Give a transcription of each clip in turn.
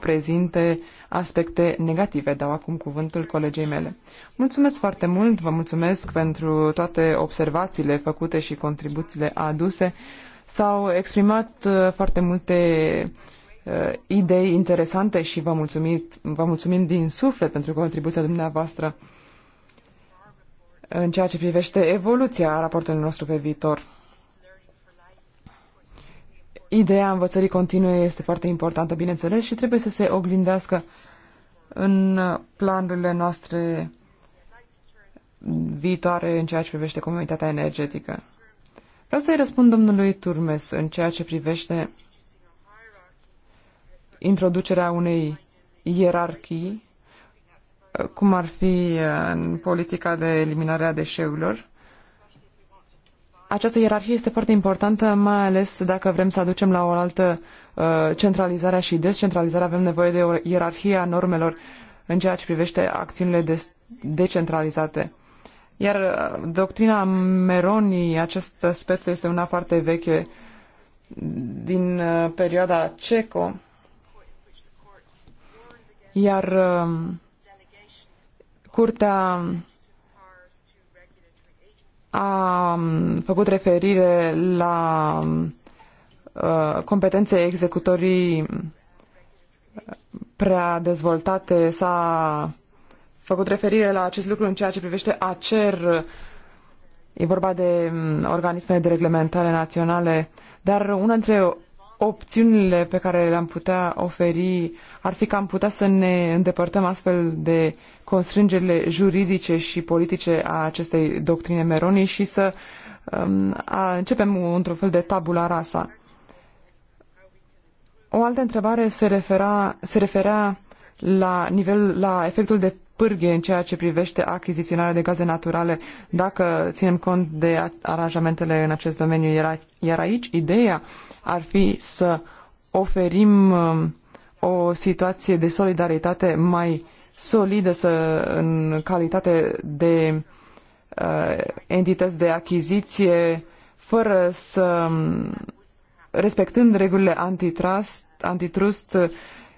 prezinte aspecte negative. Dau acum cuvântul colegei mele. Mulțumesc foarte mult, vă mulțumesc pentru toate observațiile făcute și contribuțiile aduse. S-au exprimat uh, foarte multe uh, idei interesante și vă, mulțumit, vă mulțumim din suflet pentru contribuția dumneavoastră în ceea ce privește evoluția raportului nostru pe viitor ideea învățării continue este foarte importantă, bineînțeles, și trebuie să se oglindească în planurile noastre viitoare în ceea ce privește comunitatea energetică. Vreau să-i răspund domnului Turmes în ceea ce privește introducerea unei ierarhii, cum ar fi în politica de eliminare a deșeurilor, această ierarhie este foarte importantă, mai ales dacă vrem să aducem la o altă uh, centralizarea și descentralizarea. Avem nevoie de o ierarhie a normelor în ceea ce privește acțiunile de- decentralizate. Iar uh, doctrina Meroni, această speță este una foarte veche din uh, perioada Ceco, iar uh, curtea a um, făcut referire la um, uh, competențe executorii uh, prea dezvoltate, s-a făcut referire la acest lucru în ceea ce privește ACER, e vorba de um, organismele de reglementare naționale, dar una dintre opțiunile pe care le-am putea oferi ar fi că am putea să ne îndepărtăm astfel de constrângerile juridice și politice a acestei doctrine Meroni și să um, a, începem într-un fel de tabula rasa. O altă întrebare se, refera, se referea la, nivel la efectul de pârghie în ceea ce privește achiziționarea de gaze naturale, dacă ținem cont de aranjamentele în acest domeniu. Iar aici, ideea ar fi să oferim um, o situație de solidaritate mai solidă să, în calitate de uh, entități de achiziție, fără să um, respectând regulile antitrust, antitrust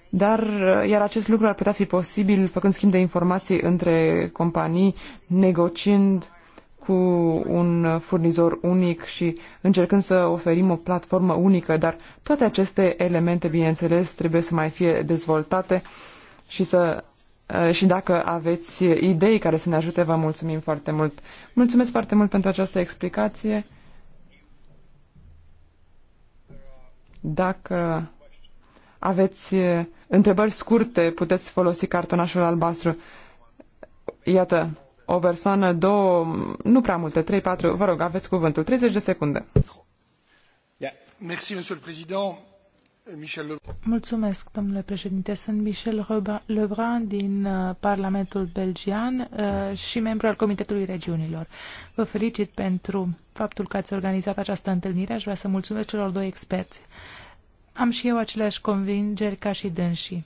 dar uh, iar acest lucru ar putea fi posibil făcând schimb de informații între companii, negociind cu un furnizor unic și încercând să oferim o platformă unică, dar toate aceste elemente, bineînțeles, trebuie să mai fie dezvoltate și să eh, și dacă aveți idei care să ne ajute, vă mulțumim foarte mult. Mulțumesc foarte mult pentru această explicație. Dacă aveți eh, întrebări scurte, puteți folosi cartonașul albastru. Iată, o persoană, două, nu prea multe, trei, patru, vă rog, aveți cuvântul, 30 de secunde. Mulțumesc, domnule președinte. Sunt Michel Lebrun din uh, Parlamentul Belgian uh, și membru al Comitetului Regiunilor. Vă felicit pentru faptul că ați organizat această întâlnire. Aș vrea să mulțumesc celor doi experți. Am și eu aceleași convingeri ca și dânsii.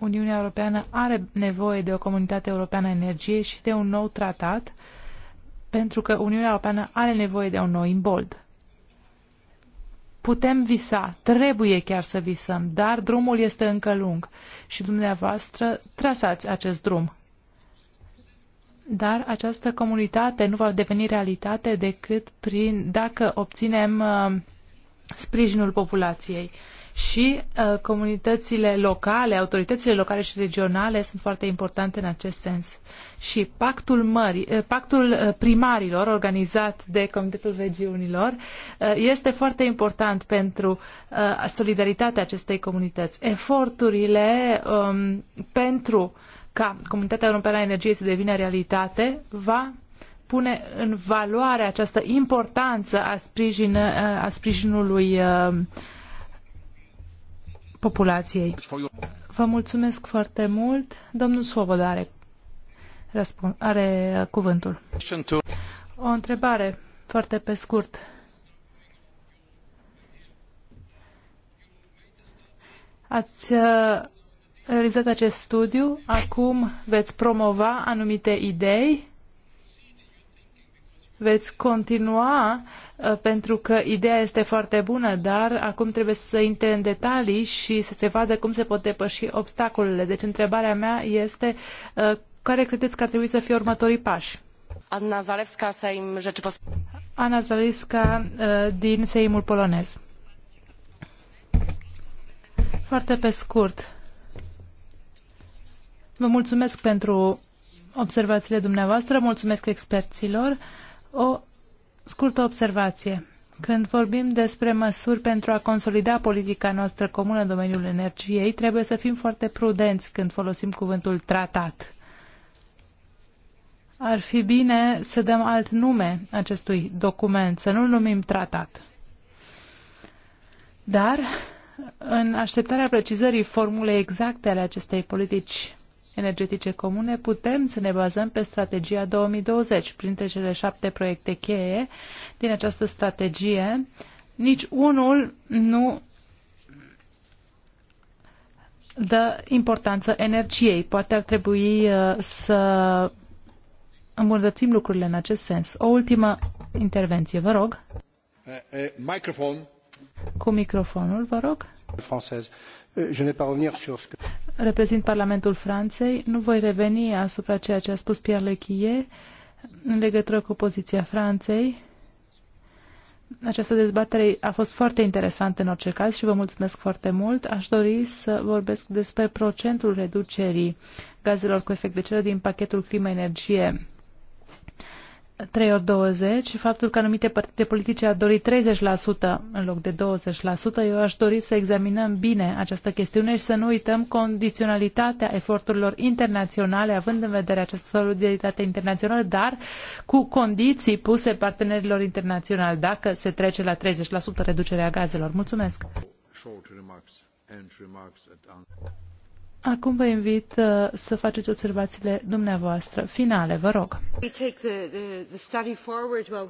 Uniunea Europeană are nevoie de o comunitate europeană a energiei și de un nou tratat, pentru că Uniunea Europeană are nevoie de un nou imbold. Putem visa, trebuie chiar să visăm, dar drumul este încă lung și dumneavoastră trasați acest drum. Dar această comunitate nu va deveni realitate decât prin dacă obținem uh, sprijinul populației. Uh, și uh, comunitățile locale, autoritățile locale și regionale sunt foarte importante în acest sens. Și pactul, mării, uh, pactul uh, primarilor organizat de Comitetul Regiunilor uh, este foarte important pentru uh, solidaritatea acestei comunități. Eforturile um, pentru ca Comunitatea Europeană a Energiei să devină realitate va pune în valoare această importanță a, sprijin, uh, a sprijinului uh, populației. Vă mulțumesc foarte mult. Domnul Svoboda are, răspund, are cuvântul. O întrebare foarte pe scurt. Ați uh, realizat acest studiu, acum veți promova anumite idei veți continua uh, pentru că ideea este foarte bună, dar acum trebuie să intre în detalii și să se vadă cum se pot depăși obstacolele. Deci întrebarea mea este uh, care credeți că ar trebui să fie următorii pași? Anna Zalewska, Sejm Rzeczypospolitej. Anna Zalewska uh, din Seimul Polonez. Foarte pe scurt. Vă mulțumesc pentru observațiile dumneavoastră, mulțumesc experților. O scurtă observație. Când vorbim despre măsuri pentru a consolida politica noastră comună în domeniul energiei, trebuie să fim foarte prudenți când folosim cuvântul tratat. Ar fi bine să dăm alt nume acestui document, să nu-l numim tratat. Dar, în așteptarea precizării formulei exacte ale acestei politici energetice comune, putem să ne bazăm pe strategia 2020. Printre cele șapte proiecte cheie din această strategie, nici unul nu dă importanță energiei. Poate ar trebui uh, să îmbunătățim lucrurile în acest sens. O ultimă intervenție, vă rog. Eh, eh, Cu microfonul, vă rog. Française. Euh, je n'ai pas revenir sur ce que reprezint Parlamentul Franței. Nu voi reveni asupra ceea ce a spus Pierre Lechie în legătură cu poziția Franței. Această dezbatere a fost foarte interesantă în orice caz și vă mulțumesc foarte mult. Aș dori să vorbesc despre procentul reducerii gazelor cu efect de ceră din pachetul clima energie 3 ori 20 și faptul că anumite partide politice ar la 30% în loc de 20%, eu aș dori să examinăm bine această chestiune și să nu uităm condiționalitatea eforturilor internaționale, având în vedere această solidaritate internațională, dar cu condiții puse partenerilor internaționali, dacă se trece la 30% reducerea gazelor. Mulțumesc! Acum vă invit uh, să faceți observațiile dumneavoastră finale, vă rog.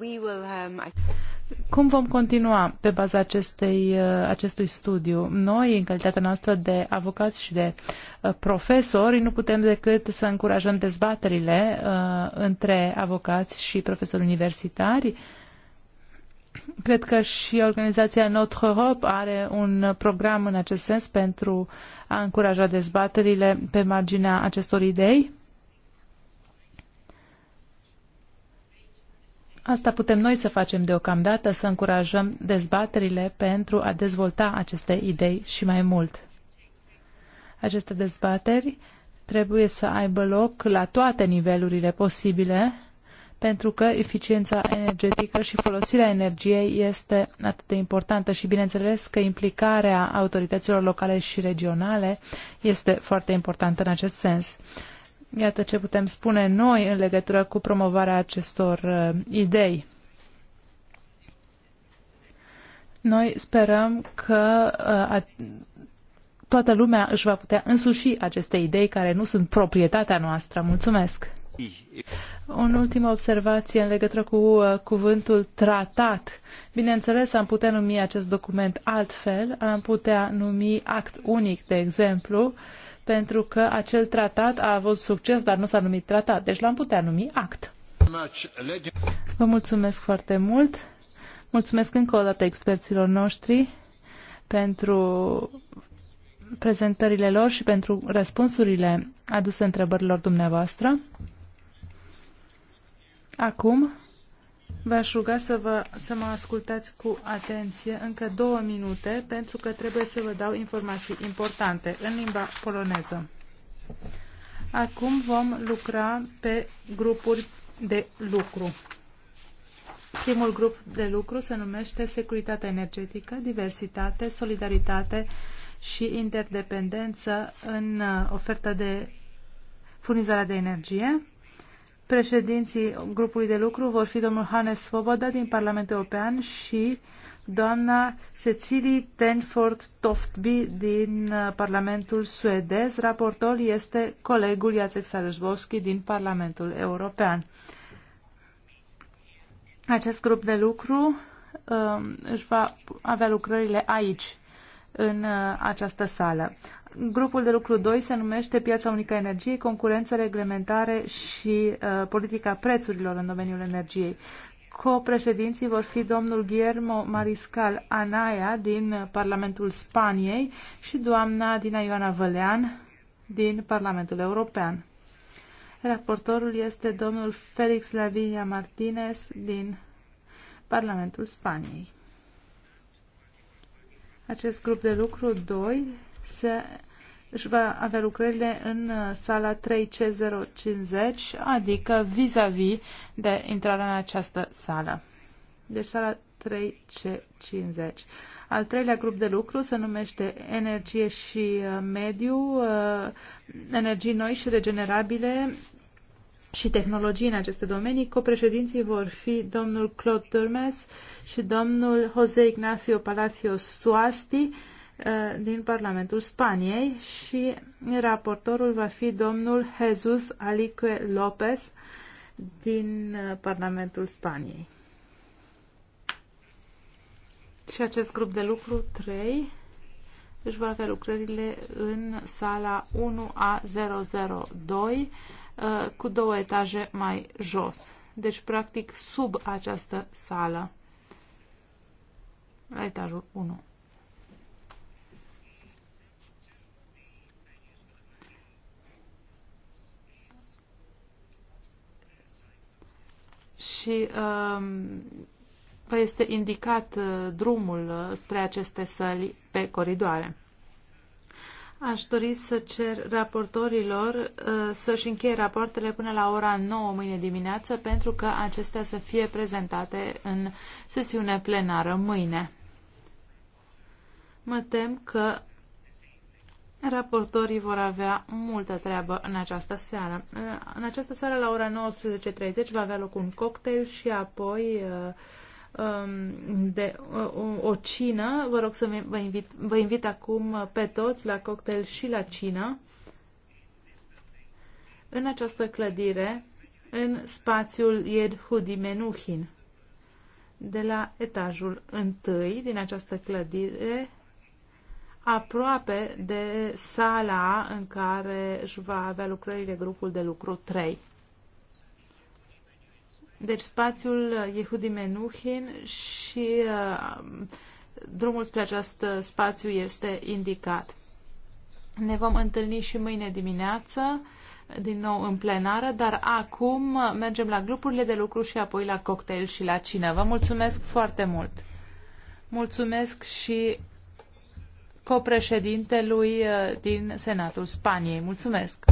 Um, Cum vom continua pe baza acestei, uh, acestui studiu? Noi, în calitatea noastră de avocați și de uh, profesori, nu putem decât să încurajăm dezbaterile uh, între avocați și profesori universitari. Cred că și organizația Notre Europe are un program în acest sens pentru uh, a încurajat dezbaterile pe marginea acestor idei. Asta putem noi să facem deocamdată, să încurajăm dezbaterile pentru a dezvolta aceste idei și mai mult. Aceste dezbateri trebuie să aibă loc la toate nivelurile posibile pentru că eficiența energetică și folosirea energiei este atât de importantă și bineînțeles că implicarea autorităților locale și regionale este foarte importantă în acest sens. Iată ce putem spune noi în legătură cu promovarea acestor uh, idei. Noi sperăm că uh, a, toată lumea își va putea însuși aceste idei care nu sunt proprietatea noastră. Mulțumesc! O ultimă observație în legătură cu uh, cuvântul tratat. Bineînțeles, am putea numi acest document altfel, am putea numi act unic, de exemplu, pentru că acel tratat a avut succes, dar nu s-a numit tratat, deci l-am putea numi act. Vă mulțumesc foarte mult. Mulțumesc încă o dată experților noștri pentru prezentările lor și pentru răspunsurile aduse întrebărilor dumneavoastră. Acum v-aș ruga să, vă, să mă ascultați cu atenție încă două minute, pentru că trebuie să vă dau informații importante în limba poloneză. Acum vom lucra pe grupuri de lucru. Primul grup de lucru se numește Securitate energetică, diversitate, solidaritate și interdependență în uh, oferta de furnizarea de energie. Președinții grupului de lucru vor fi domnul Hannes Svoboda din Parlamentul European și doamna Cecilie Tenford Toftby din uh, Parlamentul suedez. Raportor este colegul Jacek Sarășboschi din Parlamentul European. Acest grup de lucru um, își va avea lucrările aici, în uh, această sală. Grupul de lucru 2 se numește Piața Unică a Energiei, Concurență, Reglementare și uh, Politica Prețurilor în domeniul energiei. Co-președinții vor fi domnul Guillermo Mariscal Anaya din Parlamentul Spaniei și doamna Dina Ioana Vălean din Parlamentul European. Raportorul este domnul Felix Lavilla Martinez din Parlamentul Spaniei. Acest grup de lucru 2 se își va avea lucrările în uh, sala 3C050, adică vis-a-vis -vis de intrarea în această sală. Deci sala 3C50. Al treilea grup de lucru se numește energie și uh, mediu, uh, energii noi și regenerabile și tehnologii în aceste domenii. Copreședinții vor fi domnul Claude Turmes și domnul Jose Ignacio Palacios Suasti, Uh, din Parlamentul Spaniei și raportorul va fi domnul Jesus Alique López din uh, Parlamentul Spaniei. Și acest grup de lucru 3 își va avea lucrările în sala 1A002 uh, cu două etaje mai jos. Deci, practic, sub această sală, la etajul 1. și um, vă este indicat uh, drumul uh, spre aceste săli pe coridoare. Aș dori să cer raportorilor uh, să-și încheie rapoartele până la ora 9 mâine dimineață pentru că acestea să fie prezentate în sesiune plenară mâine. Mă tem că Raportorii vor avea multă treabă în această seară. În această seară, la ora 19.30, va avea loc un cocktail și apoi uh, um, de o, o cină. Vă rog să vă invit, vă invit acum pe toți la cocktail și la cină. În această clădire, în spațiul Ied Menuhin, de la etajul întâi din această clădire, aproape de sala în care își va avea lucrările grupul de lucru 3. Deci spațiul Yehudi Menuhin și uh, drumul spre acest spațiu este indicat. Ne vom întâlni și mâine dimineață, din nou în plenară, dar acum mergem la grupurile de lucru și apoi la cocktail și la cină. Vă mulțumesc foarte mult! Mulțumesc și copreședintelui uh, din Senatul Spaniei. Mulțumesc!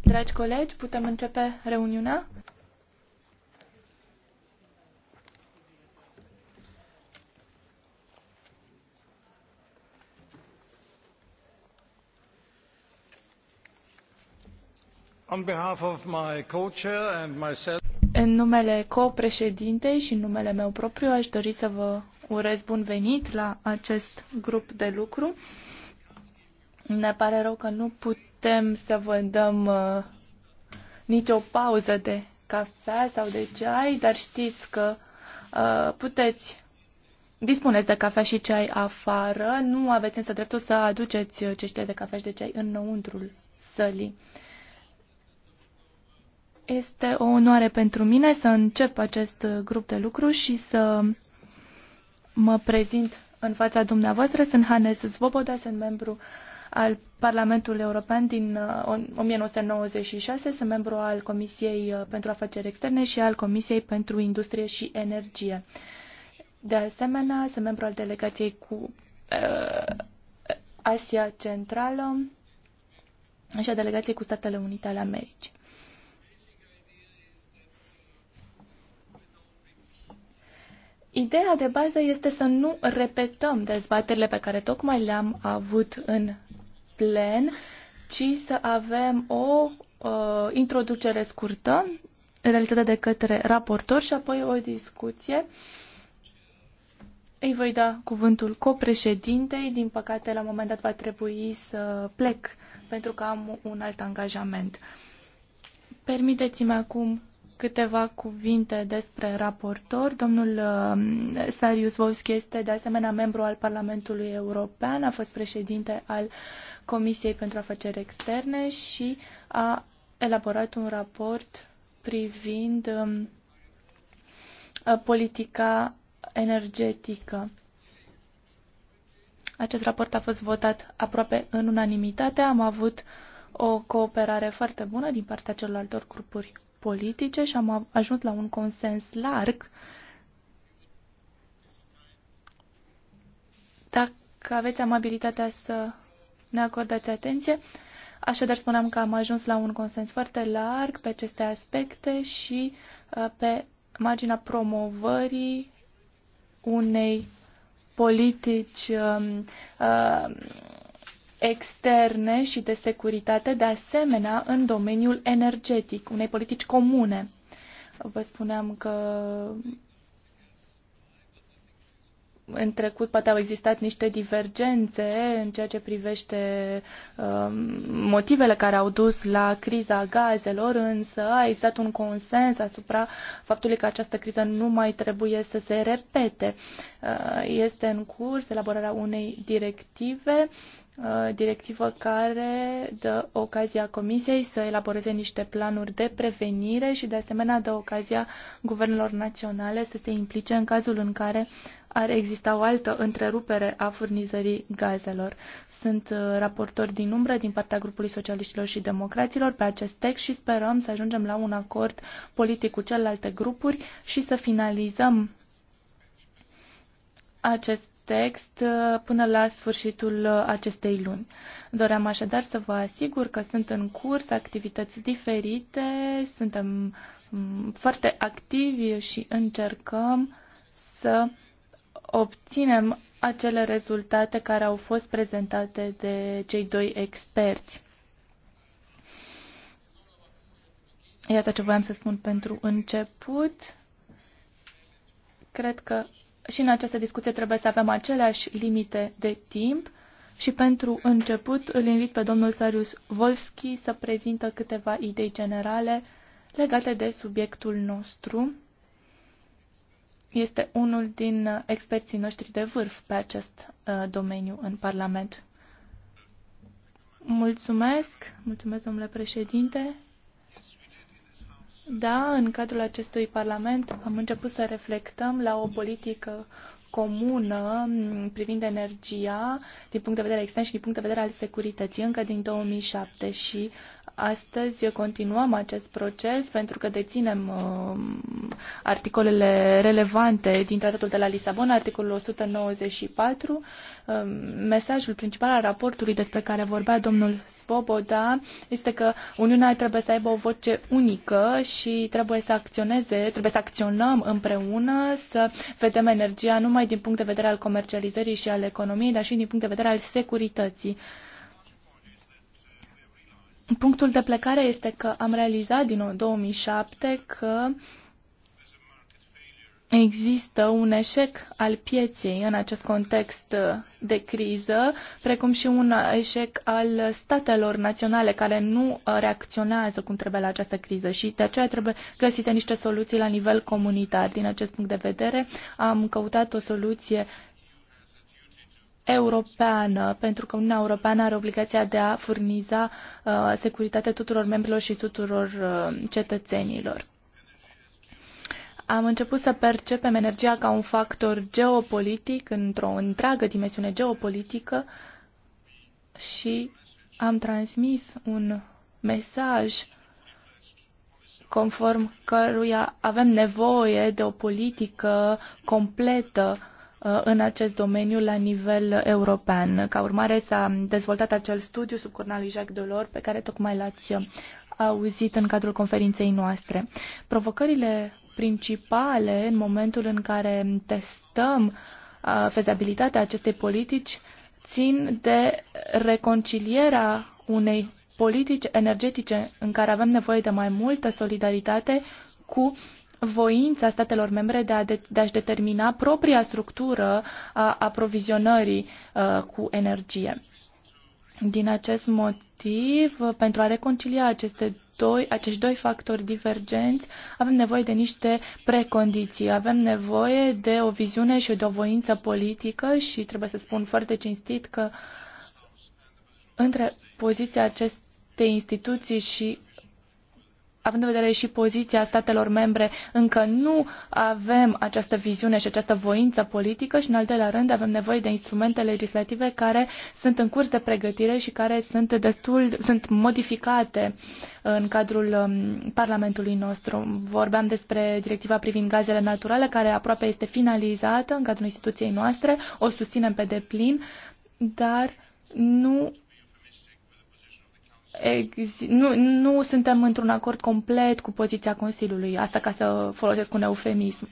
Dragi colegi, putem începe reuniunea? co în numele copreședintei și în numele meu propriu aș dori să vă urez bun venit la acest grup de lucru. Ne pare rău că nu putem să vă dăm uh, nicio pauză de cafea sau de ceai, dar știți că uh, puteți dispuneți de cafea și ceai afară, nu aveți însă dreptul să aduceți ceștile de cafea și de ceai înăuntrul sălii. Este o onoare pentru mine să încep acest grup de lucru și să mă prezint în fața dumneavoastră. Sunt Hanes Svoboda, sunt membru al Parlamentului European din 1996, uh, sunt membru al Comisiei uh, pentru Afaceri Externe și al Comisiei pentru Industrie și Energie. De asemenea, sunt membru al delegației cu uh, Asia Centrală și a delegației cu Statele Unite ale Americii. Ideea de bază este să nu repetăm dezbaterile pe care tocmai le-am avut în plen, ci să avem o uh, introducere scurtă, în realitate de către raportor și apoi o discuție. Îi voi da cuvântul copreședintei. Din păcate, la un moment dat va trebui să plec pentru că am un alt angajament. Permiteți-mi acum câteva cuvinte despre raportor. Domnul uh, Sarius wolski este de asemenea membru al Parlamentului European, a fost președinte al uh, Comisiei pentru Afaceri Externe și a elaborat un raport privind um, politica energetică. Acest raport a fost votat aproape în unanimitate. Am avut o cooperare foarte bună din partea celorlaltor grupuri politice și am ajuns la un consens larg. Dacă aveți amabilitatea să ne acordați atenție. Așadar, spuneam că am ajuns la un consens foarte larg pe aceste aspecte și uh, pe marginea promovării unei politici um, uh, externe și de securitate, de asemenea în domeniul energetic, unei politici comune. Vă spuneam că în trecut poate au existat niște divergențe în ceea ce privește um, motivele care au dus la criza gazelor, însă a existat un consens asupra faptului că această criză nu mai trebuie să se repete. Uh, este în curs elaborarea unei directive Uh, directivă care dă ocazia Comisiei să elaboreze niște planuri de prevenire și de asemenea dă ocazia guvernelor naționale să se implice în cazul în care ar exista o altă întrerupere a furnizării gazelor. Sunt uh, raportor din umbră din partea grupului socialiștilor și democraților pe acest text și sperăm să ajungem la un acord politic cu celelalte grupuri și să finalizăm acest text uh, până la sfârșitul uh, acestei luni. Doream așadar să vă asigur că sunt în curs activități diferite, suntem mm, foarte activi și încercăm să obținem acele rezultate care au fost prezentate de cei doi experți. Iată ce voiam să spun pentru început. Cred că și în această discuție trebuie să avem aceleași limite de timp și pentru început îl invit pe domnul Sarius Volski să prezintă câteva idei generale legate de subiectul nostru. Este unul din experții noștri de vârf pe acest uh, domeniu în Parlament. Mulțumesc, mulțumesc domnule președinte. Da, în cadrul acestui Parlament am început să reflectăm la o politică comună mm, privind energia din punct de vedere extern și din punct de vedere al securității încă din 2007 și Astăzi continuăm acest proces pentru că deținem um, articolele relevante din Tratatul de la Lisabona, articolul 194. Um, mesajul principal al raportului despre care vorbea domnul Svoboda este că Uniunea trebuie să aibă o voce unică și trebuie să acționeze, trebuie să acționăm împreună, să vedem energia numai din punct de vedere al comercializării și al economiei, dar și din punct de vedere al securității. Punctul de plecare este că am realizat din 2007 că există un eșec al pieței în acest context de criză, precum și un eșec al statelor naționale care nu uh, reacționează cum trebuie la această criză și de aceea trebuie găsite niște soluții la nivel comunitar. Din acest punct de vedere, am căutat o soluție europeană, pentru că Uniunea Europeană are obligația de a furniza uh, securitate tuturor membrilor și tuturor uh, cetățenilor. Am început să percepem energia ca un factor geopolitic, într-o întreagă dimensiune geopolitică și am transmis un mesaj conform căruia avem nevoie de o politică completă Uh, în acest domeniu la nivel european. Ca urmare s-a dezvoltat acel studiu sub corna lui Jacques Delors pe care tocmai l-ați auzit în cadrul conferinței noastre. Provocările principale în momentul în care testăm uh, fezabilitatea acestei politici țin de reconcilierea unei politici energetice în care avem nevoie de mai multă solidaritate cu voința statelor membre de, a de, de a-și determina propria structură a aprovizionării uh, cu energie. Din acest motiv, pentru a reconcilia aceste doi, acești doi factori divergenți, avem nevoie de niște precondiții, avem nevoie de o viziune și de o voință politică și trebuie să spun foarte cinstit că între poziția acestei instituții și având în vedere și poziția statelor membre, încă nu avem această viziune și această voință politică și, în al doilea rând, avem nevoie de instrumente legislative care sunt în curs de pregătire și care sunt destul, sunt modificate în cadrul um, Parlamentului nostru. Vorbeam despre directiva privind gazele naturale, care aproape este finalizată în cadrul instituției noastre, o susținem pe deplin, dar nu nu, nu suntem într-un acord complet cu poziția Consiliului, asta ca să folosesc un eufemism.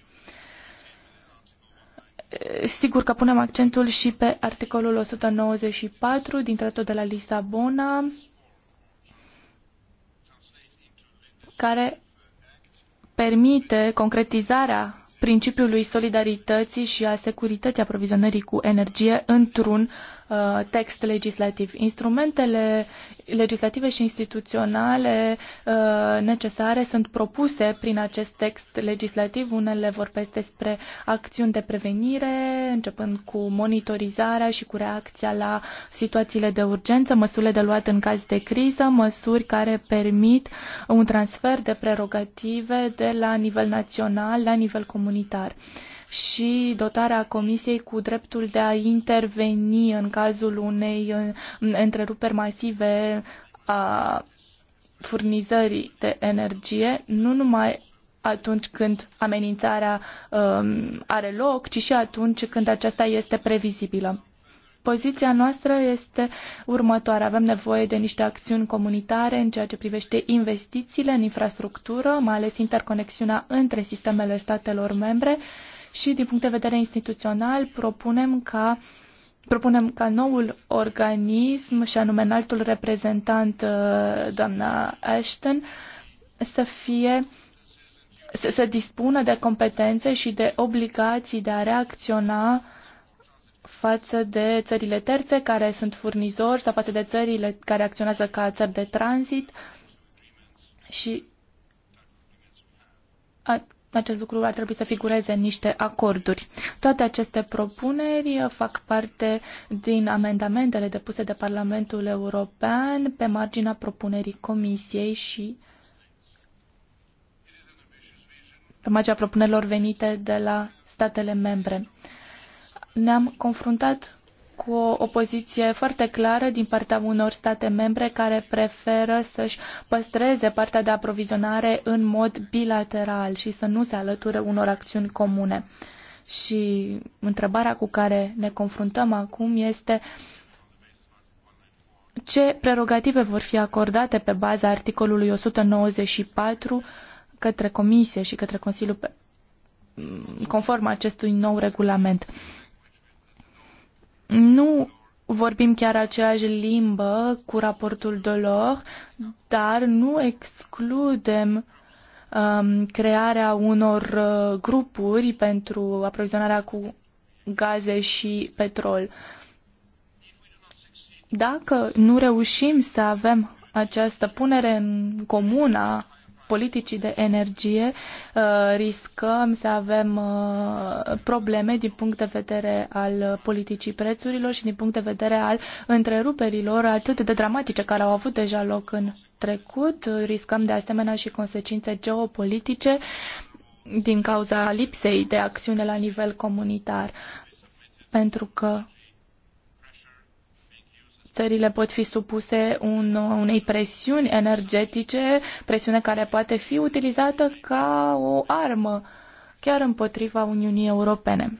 Sigur că punem accentul și pe articolul 194 din Tratatul de la Lisabona, care permite concretizarea principiului solidarității și a securității aprovizionării cu energie într-un Uh, text legislativ. Instrumentele legislative și instituționale uh, necesare sunt propuse prin acest text legislativ. Unele vorbesc despre acțiuni de prevenire, începând cu monitorizarea și cu reacția la situațiile de urgență, măsurile de luat în caz de criză, măsuri care permit un transfer de prerogative de la nivel național la nivel comunitar și dotarea Comisiei cu dreptul de a interveni în cazul unei întreruperi masive a furnizării de energie, nu numai atunci când amenințarea um, are loc, ci și atunci când aceasta este previzibilă. Poziția noastră este următoarea. Avem nevoie de niște acțiuni comunitare în ceea ce privește investițiile în infrastructură, mai ales interconexiunea între sistemele statelor membre, uh, și din punct de vedere instituțional propunem ca Propunem ca noul organism, și anume înaltul reprezentant, uh, doamna Ashton, să fie să, să dispună de competențe și de obligații de a reacționa față de țările terțe care sunt furnizori sau față de țările care acționează ca țări de tranzit și acest lucru ar trebui să figureze în niște acorduri. Toate aceste propuneri fac parte din amendamentele depuse de Parlamentul European pe marginea propunerii Comisiei și pe marginea propunerilor venite de la statele membre. Ne-am confruntat cu o opoziție foarte clară din partea unor state membre care preferă să-și păstreze partea de aprovizionare în mod bilateral și să nu se alăture unor acțiuni comune. Și întrebarea cu care ne confruntăm acum este ce prerogative vor fi acordate pe baza articolului 194 către Comisie și către Consiliu conform acestui nou regulament nu vorbim chiar aceeași limbă cu raportul Dolor, dar nu excludem um, crearea unor uh, grupuri pentru aprovizionarea cu gaze și petrol. Dacă nu reușim să avem această punere în comună politicii de energie uh, riscăm să avem uh, probleme din punct de vedere al politicii prețurilor și din punct de vedere al întreruperilor atât de dramatice care au avut deja loc în trecut. Riscăm de asemenea și consecințe geopolitice din cauza lipsei de acțiune la nivel comunitar. Pentru că țările pot fi supuse un, unei presiuni energetice, presiune care poate fi utilizată ca o armă, chiar împotriva Uniunii Europene.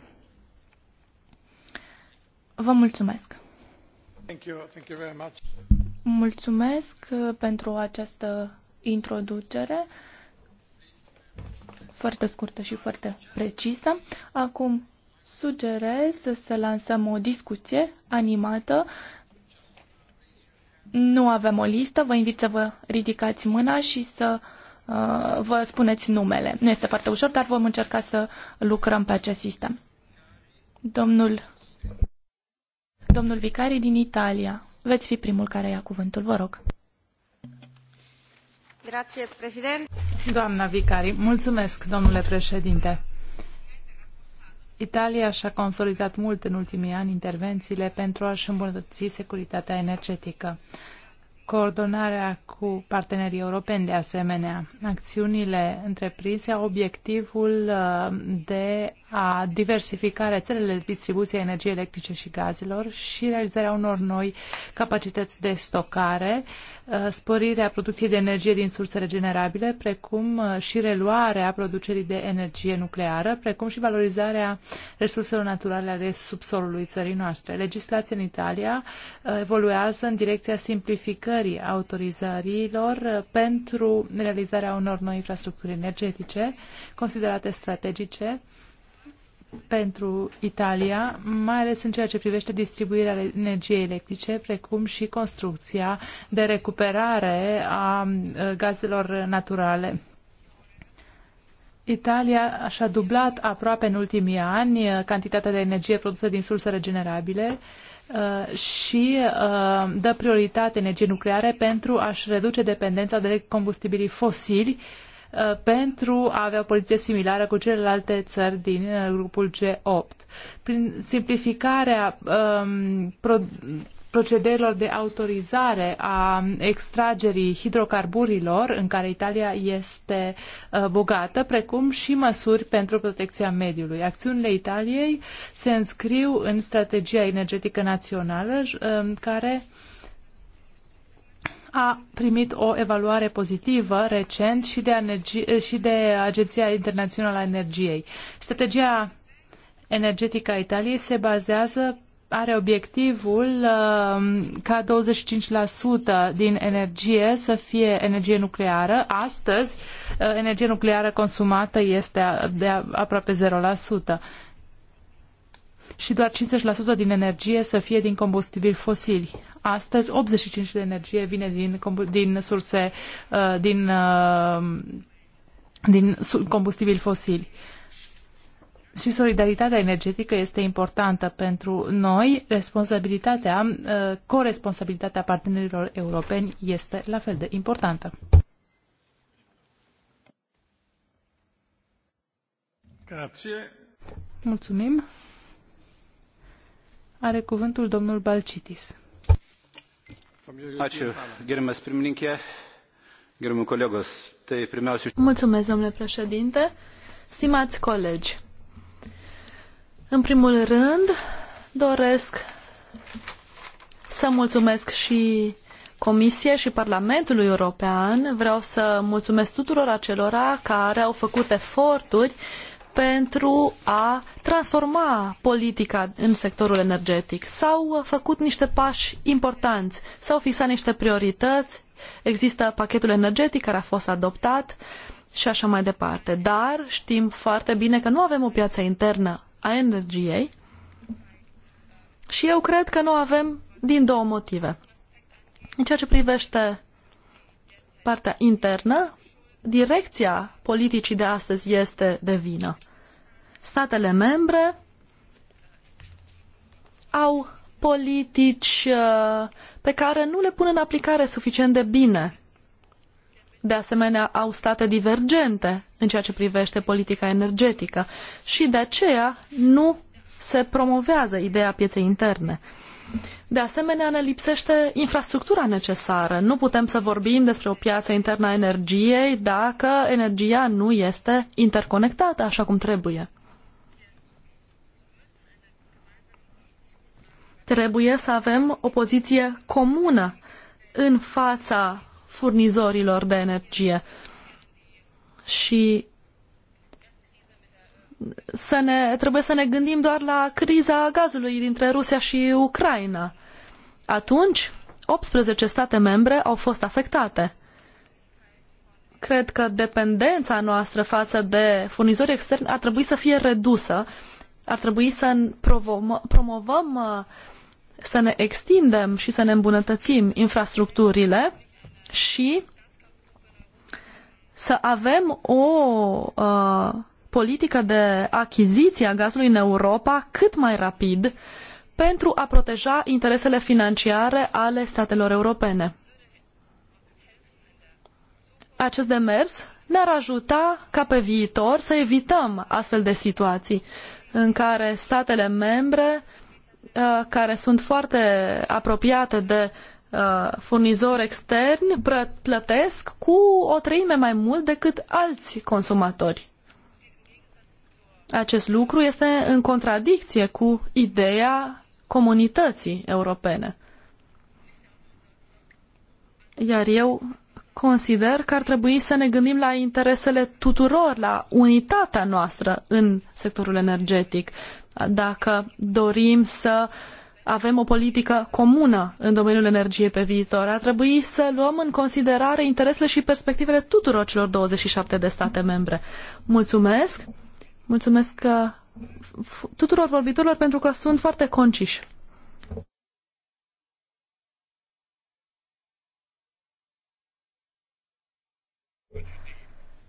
Vă mulțumesc! Thank you. Thank you very much. Mulțumesc uh, pentru această introducere foarte scurtă și foarte precisă. Acum sugerez să lansăm o discuție animată nu avem o listă, vă invit să vă ridicați mâna și să uh, vă spuneți numele. Nu este foarte ușor, dar vom încerca să lucrăm pe acest sistem. Domnul, domnul Vicari din Italia, veți fi primul care ia cuvântul, vă rog. Grazie, președinte. Doamna Vicari, mulțumesc, domnule președinte. Italia și-a consolidat mult în ultimii ani intervențiile pentru a-și îmbunătăți securitatea energetică. Coordonarea cu partenerii europeni, de asemenea, acțiunile întreprinse au obiectivul uh, de a diversifica rețelele de distribuție a energiei electrice și gazelor și realizarea unor noi capacități de stocare Uh, sporirea producției de energie din surse regenerabile, precum uh, și reluarea producerii de energie nucleară, precum și valorizarea resurselor naturale ale subsolului țării noastre. Legislația în Italia uh, evoluează în direcția simplificării autorizărilor pentru realizarea unor noi infrastructuri energetice considerate strategice, pentru Italia, mai ales în ceea ce privește distribuirea energiei electrice, precum și construcția de recuperare a gazelor naturale. Italia și-a dublat aproape în ultimii ani cantitatea de energie produsă din surse regenerabile și dă prioritate energiei nucleare pentru a-și reduce dependența de combustibilii fosili Uh, pentru a avea o poliție similară cu celelalte țări din uh, grupul G8. Prin simplificarea um, pro procedurilor de autorizare a extragerii hidrocarburilor, în care Italia este uh, bogată, precum și măsuri pentru protecția mediului. Acțiunile Italiei se înscriu în strategia energetică națională, care a primit o evaluare pozitivă recent și de, energie, și de Agenția Internațională a Energiei. Strategia energetică a Italiei se bazează are obiectivul um, ca 25% din energie să fie energie nucleară. Astăzi, uh, energie nucleară consumată este de aproape 0% și doar 50% din energie să fie din combustibili fosili. Astăzi, 85% de energie vine din, din surse, uh, din, uh, din combustibili fosili. Și solidaritatea energetică este importantă pentru noi. Responsabilitatea, uh, coresponsabilitatea partenerilor europeni este la fel de importantă. Grazie. Mulțumim. Are cuvântul domnul Balcitis. Ačiū, gerimas pirmininkė, gerimų kolegos. Tai pirmiausia... Mulțumesc, domnule președinte. Stimați colegi, în primul rând doresc să mulțumesc și Comisie și Parlamentului European. Vreau să mulțumesc tuturor acelora care au făcut eforturi pentru a transforma politica în sectorul energetic. S-au făcut niște pași importanți, s-au fixat niște priorități, există pachetul energetic care a fost adoptat și așa mai departe. Dar știm foarte bine că nu avem o piață internă a energiei și eu cred că nu avem din două motive. În ceea ce privește partea internă, direcția politicii de astăzi este de vină. Statele membre au politici uh, pe care nu le pun în aplicare suficient de bine. De asemenea, au state divergente în ceea ce privește politica energetică și de aceea nu se promovează ideea pieței interne. De asemenea, ne lipsește infrastructura necesară. Nu putem să vorbim despre o piață internă a energiei dacă energia nu este interconectată așa cum trebuie. Trebuie să avem o poziție comună în fața furnizorilor de energie. Și să ne, trebuie să ne gândim doar la criza gazului dintre Rusia și Ucraina. Atunci, 18 state membre au fost afectate. Cred că dependența noastră față de furnizori externi ar trebui să fie redusă. Ar trebui să promovăm, uh, să ne extindem și să ne îmbunătățim infrastructurile și să avem o uh, politică de achiziție a gazului în Europa cât mai rapid pentru a proteja interesele financiare ale statelor europene. Acest demers ne-ar ajuta ca pe viitor să evităm astfel de situații în care statele membre uh, care sunt foarte apropiate de uh, furnizori externi plătesc cu o treime mai mult decât alți consumatori. Acest lucru este în contradicție cu ideea comunității europene. Iar eu consider că ar trebui să ne gândim la interesele tuturor, la unitatea noastră în sectorul energetic, dacă dorim să avem o politică comună în domeniul energiei pe viitor. Ar trebui să luăm în considerare interesele și perspectivele tuturor celor 27 de state membre. Mulțumesc! Mulțumesc uh, tuturor vorbitorilor pentru că sunt foarte conciși.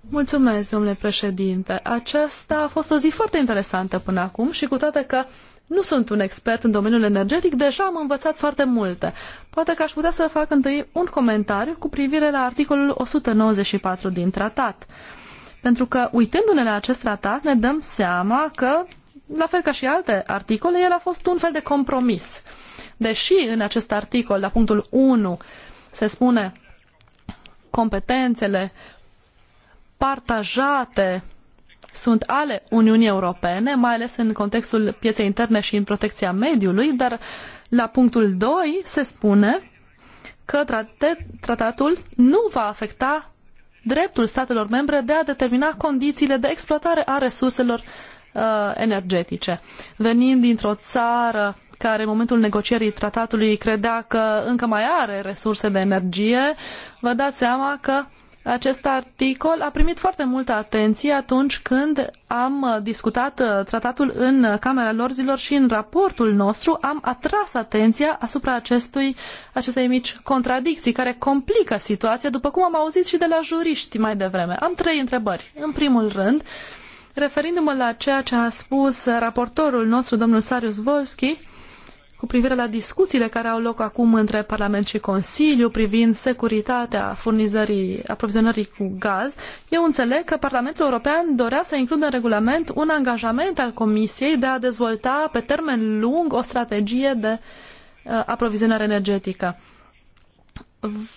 Mulțumesc, domnule președinte. Aceasta a fost o zi foarte interesantă până acum și cu toate că nu sunt un expert în domeniul energetic, deja am învățat foarte multe. Poate că aș putea să fac întâi un comentariu cu privire la articolul 194 din tratat. Pentru că uitându-ne la acest tratat ne dăm seama că, la fel ca și alte articole, el a fost un fel de compromis. Deși în acest articol, la punctul 1, se spune competențele partajate sunt ale Uniunii Europene, mai ales în contextul pieței interne și în protecția mediului, dar la punctul 2 se spune că tratatul nu va afecta dreptul statelor membre de a determina condițiile de exploatare a resurselor uh, energetice. Venind dintr-o țară care în momentul negocierii tratatului credea că încă mai are resurse de energie, vă dați seama că acest articol a primit foarte multă atenție atunci când am uh, discutat uh, tratatul în Camera Lorzilor și în raportul nostru am atras atenția asupra acestui, acestei mici contradicții care complică situația, după cum am auzit și de la juriști mai devreme. Am trei întrebări. În primul rând, referindu-mă la ceea ce a spus raportorul nostru, domnul Sarius Volski, cu privire la discuțiile care au loc acum între Parlament și Consiliu privind securitatea furnizării, aprovizionării cu gaz, eu înțeleg că Parlamentul European dorea să includă în regulament un angajament al Comisiei de a dezvolta pe termen lung o strategie de uh, aprovizionare energetică.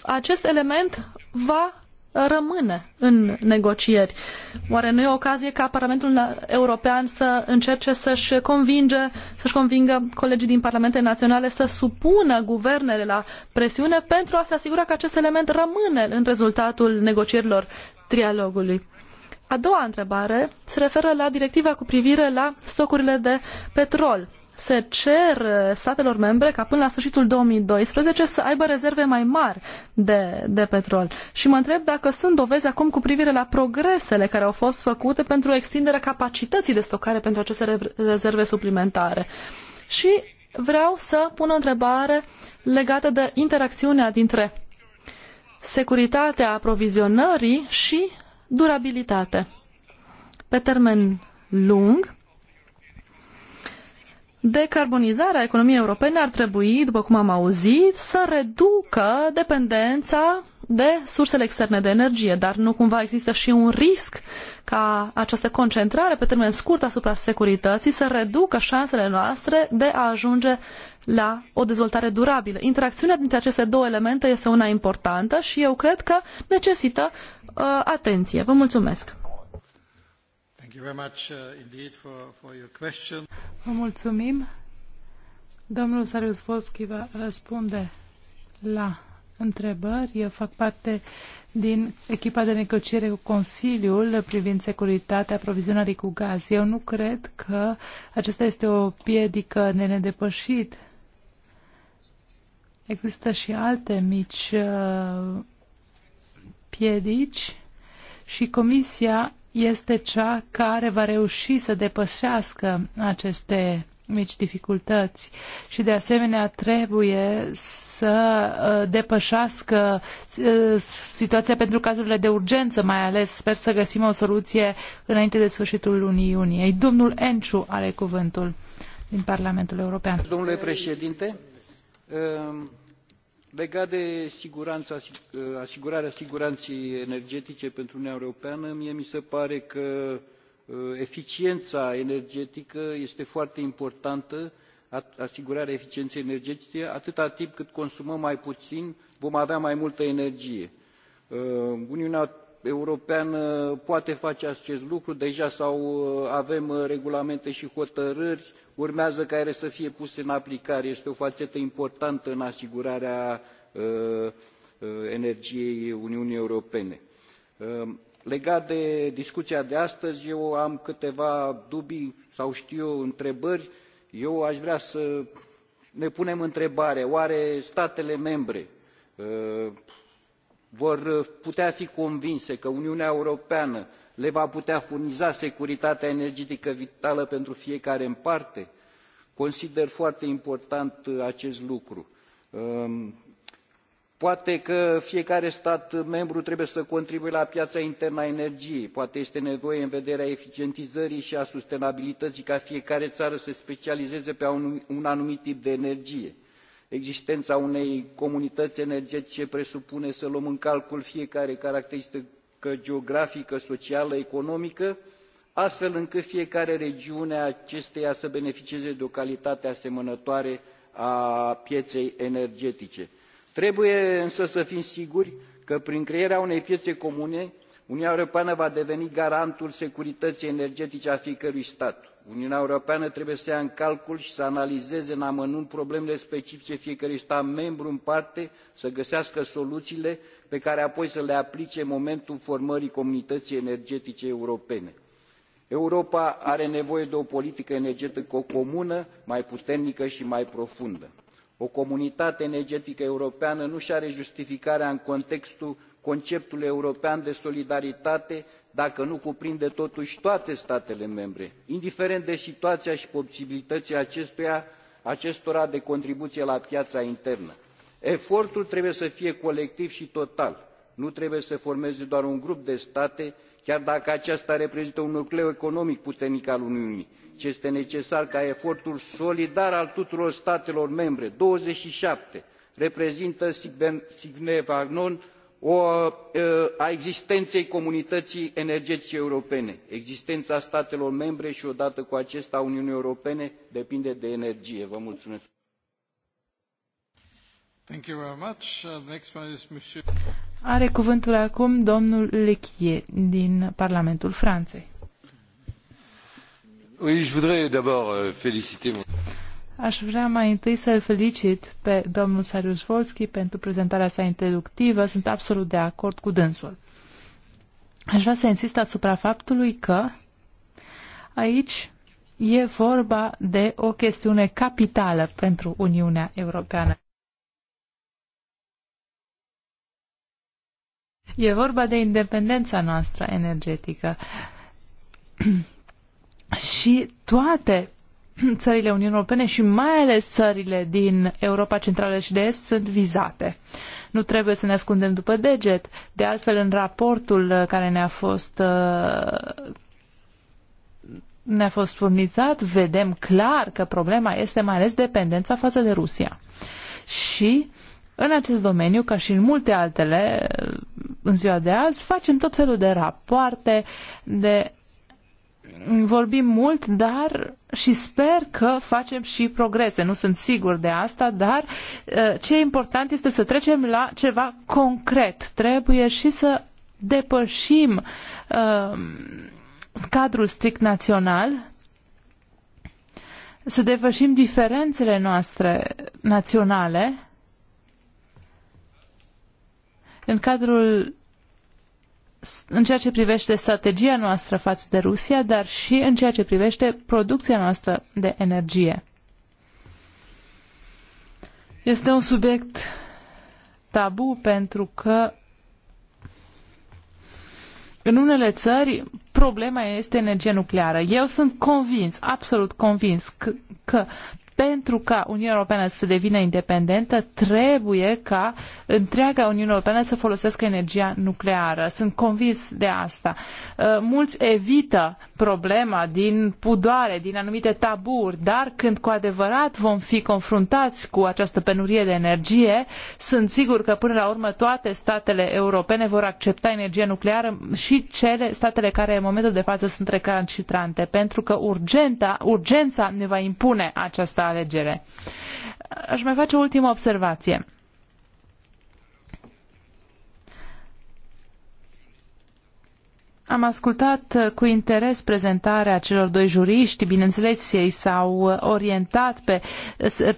Acest element va rămâne în negocieri. Oare nu e o ocazie ca Parlamentul European să încerce să-și convinge, să-și convingă colegii din parlamentele naționale să supună guvernele la presiune pentru a se asigura că acest element rămâne în rezultatul negocierilor trialogului? A doua întrebare se referă la directiva cu privire la stocurile de petrol se cer uh, statelor membre ca până la sfârșitul 2012 să aibă rezerve mai mari de, de petrol. Și mă întreb dacă sunt dovezi acum cu privire la progresele care au fost făcute pentru extinderea capacității de stocare pentru aceste rezerve suplimentare. Și vreau să pun o întrebare legată de interacțiunea dintre securitatea aprovizionării și durabilitate. Pe termen lung, decarbonizarea economiei europene ar trebui, după cum am auzit, să reducă dependența de sursele externe de energie, dar nu cumva există și un risc ca această concentrare pe termen scurt asupra securității să reducă șansele noastre de a ajunge la o dezvoltare durabilă. Interacțiunea dintre aceste două elemente este una importantă și eu cred că necesită uh, atenție. Vă mulțumesc! Uh, Vă mulțumim. Domnul Sarius va răspunde la întrebări. Eu fac parte din echipa de negociere cu Consiliul privind securitatea aprovizionării cu gaz. Eu nu cred că acesta este o piedică de nedepășit. Există și alte mici uh, piedici și Comisia este cea care va reuși să depășească aceste mici dificultăți și de asemenea trebuie să uh, depășească uh, situația pentru cazurile de urgență, mai ales sper să găsim o soluție înainte de sfârșitul lunii iunie. Domnul Enciu are cuvântul din Parlamentul European. Domnule președinte, um, Legat de siguranța, uh, asigurarea siguranței energetice pentru Uniunea Europeană, mie mi se pare că uh, eficiența energetică este foarte importantă, asigurarea eficienței energetice, atâta timp cât consumăm mai puțin, vom avea mai multă energie. Uh, Uniunea european uh, poate face acest lucru deja uh, avem uh, regulamente i hotărâri urmează ca ele să fie puse în aplicare este o faetă importantă în asigurarea energiei uniunii europene. legat de discuia de astăzi eu am câteva dubii sau tiu eu întrebări eu a vrea să ne punem întrebarea oare statele membre vor uh, putea fi convinse că uniunea europeană le va putea furniza securitatea energetică vitală pentru fiecare în parte? consider foarte important uh, acest lucru. Um, poate că fiecare stat membru trebuie să contribuie la piaa internă a energiei poate este nevoie în vederea eficientizării i a sustenabilităii ca fiecare ară să se specializeze pe un anumit tip de energie existența unei comunități energetice presupune să luăm în calcul fiecare caracteristică geografică socială economică astfel încât fiecare regiune a acesteia să beneficieze de o calitate asemănătoare a pieței energetice. trebuie însă să fim siguri că prin crearea unei piețe comune uniunea europeană va deveni garantul securității energetice a fiecărui stat. uniunea europeană trebuie să ia în calcul și să analizeze în amănunt problemele specifice fiecărui stat membru în parte să găsească soluțiile pe care apoi să le aplice în momentul formării comunității energetice europene. europa are nevoie de o politică energetică comună mai puternică și mai profundă. o comunitate energetică europeană nu și are justificarea în contextul conceptul european de solidaritate dacă nu cuprinde totui toate statele membre indiferent de situaia i posibilităile acestora de contribuie la piaa internă. efortul trebuie să fie colectiv i total nu trebuie să formeze doar un grup de state chiar dacă aceasta reprezintă un nucleu economic puternic al uniunii ci este necesar ca efortul solidar al tuturor statelor membre douăzeci și șapte reprezintă sine qua non a existenei comunităii energetice europene existena statelor membre i odată cu acesta a uniunii europene depinde de energie. Vă mulțumesc. Uh, Are cuvântul acum domnul din Parlamentul Franței. Aș vrea mai întâi să-l felicit pe domnul Sarius Volski pentru prezentarea sa introductivă. Sunt absolut de acord cu dânsul. Aș vrea să insist asupra faptului că aici e vorba de o chestiune capitală pentru Uniunea Europeană. E vorba de independența noastră energetică. Și toate țările Uniunii Europene și mai ales țările din Europa Centrală și de Est sunt vizate. Nu trebuie să ne ascundem după deget. De altfel, în raportul uh, care ne-a fost uh, ne-a fost furnizat, vedem clar că problema este mai ales dependența față de Rusia. Și în acest domeniu, ca și în multe altele, uh, în ziua de azi, facem tot felul de rapoarte, de vorbim mult, dar și sper că facem și progrese. Nu sunt sigur de asta, dar uh, ce e important este să trecem la ceva concret. Trebuie și să depășim uh, cadrul strict național, să depășim diferențele noastre naționale în cadrul în ceea ce privește strategia noastră față de Rusia, dar și în ceea ce privește producția noastră de energie. Este un subiect tabu pentru că în unele țări problema este energia nucleară. Eu sunt convins, absolut convins că, că pentru ca Uniunea Europeană să devină independentă, trebuie ca întreaga Uniune Europeană să folosească energia nucleară. Sunt convins de asta. Uh, mulți evită problema din pudoare, din anumite taburi, dar când cu adevărat vom fi confruntați cu această penurie de energie, sunt sigur că până la urmă toate statele europene vor accepta energia nucleară și cele statele care în momentul de față sunt recalcitrante, pentru că urgenta, urgența ne va impune această alegere. Aș mai face o ultimă observație. Am ascultat uh, cu interes prezentarea celor doi juriști, bineînțeles ei s-au uh, orientat pe,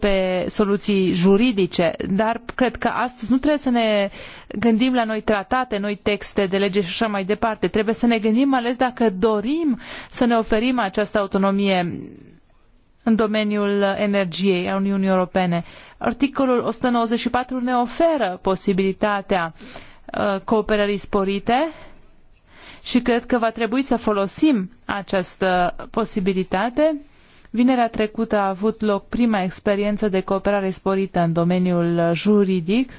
pe soluții juridice, dar cred că astăzi nu trebuie să ne gândim la noi tratate, noi texte de lege și așa mai departe. Trebuie să ne gândim ales dacă dorim să ne oferim această autonomie în domeniul energiei a Uniunii Europene. Articolul 194 ne oferă posibilitatea uh, cooperării sporite și cred că va trebui să folosim această posibilitate. Vinerea trecută a avut loc prima experiență de cooperare sporită în domeniul juridic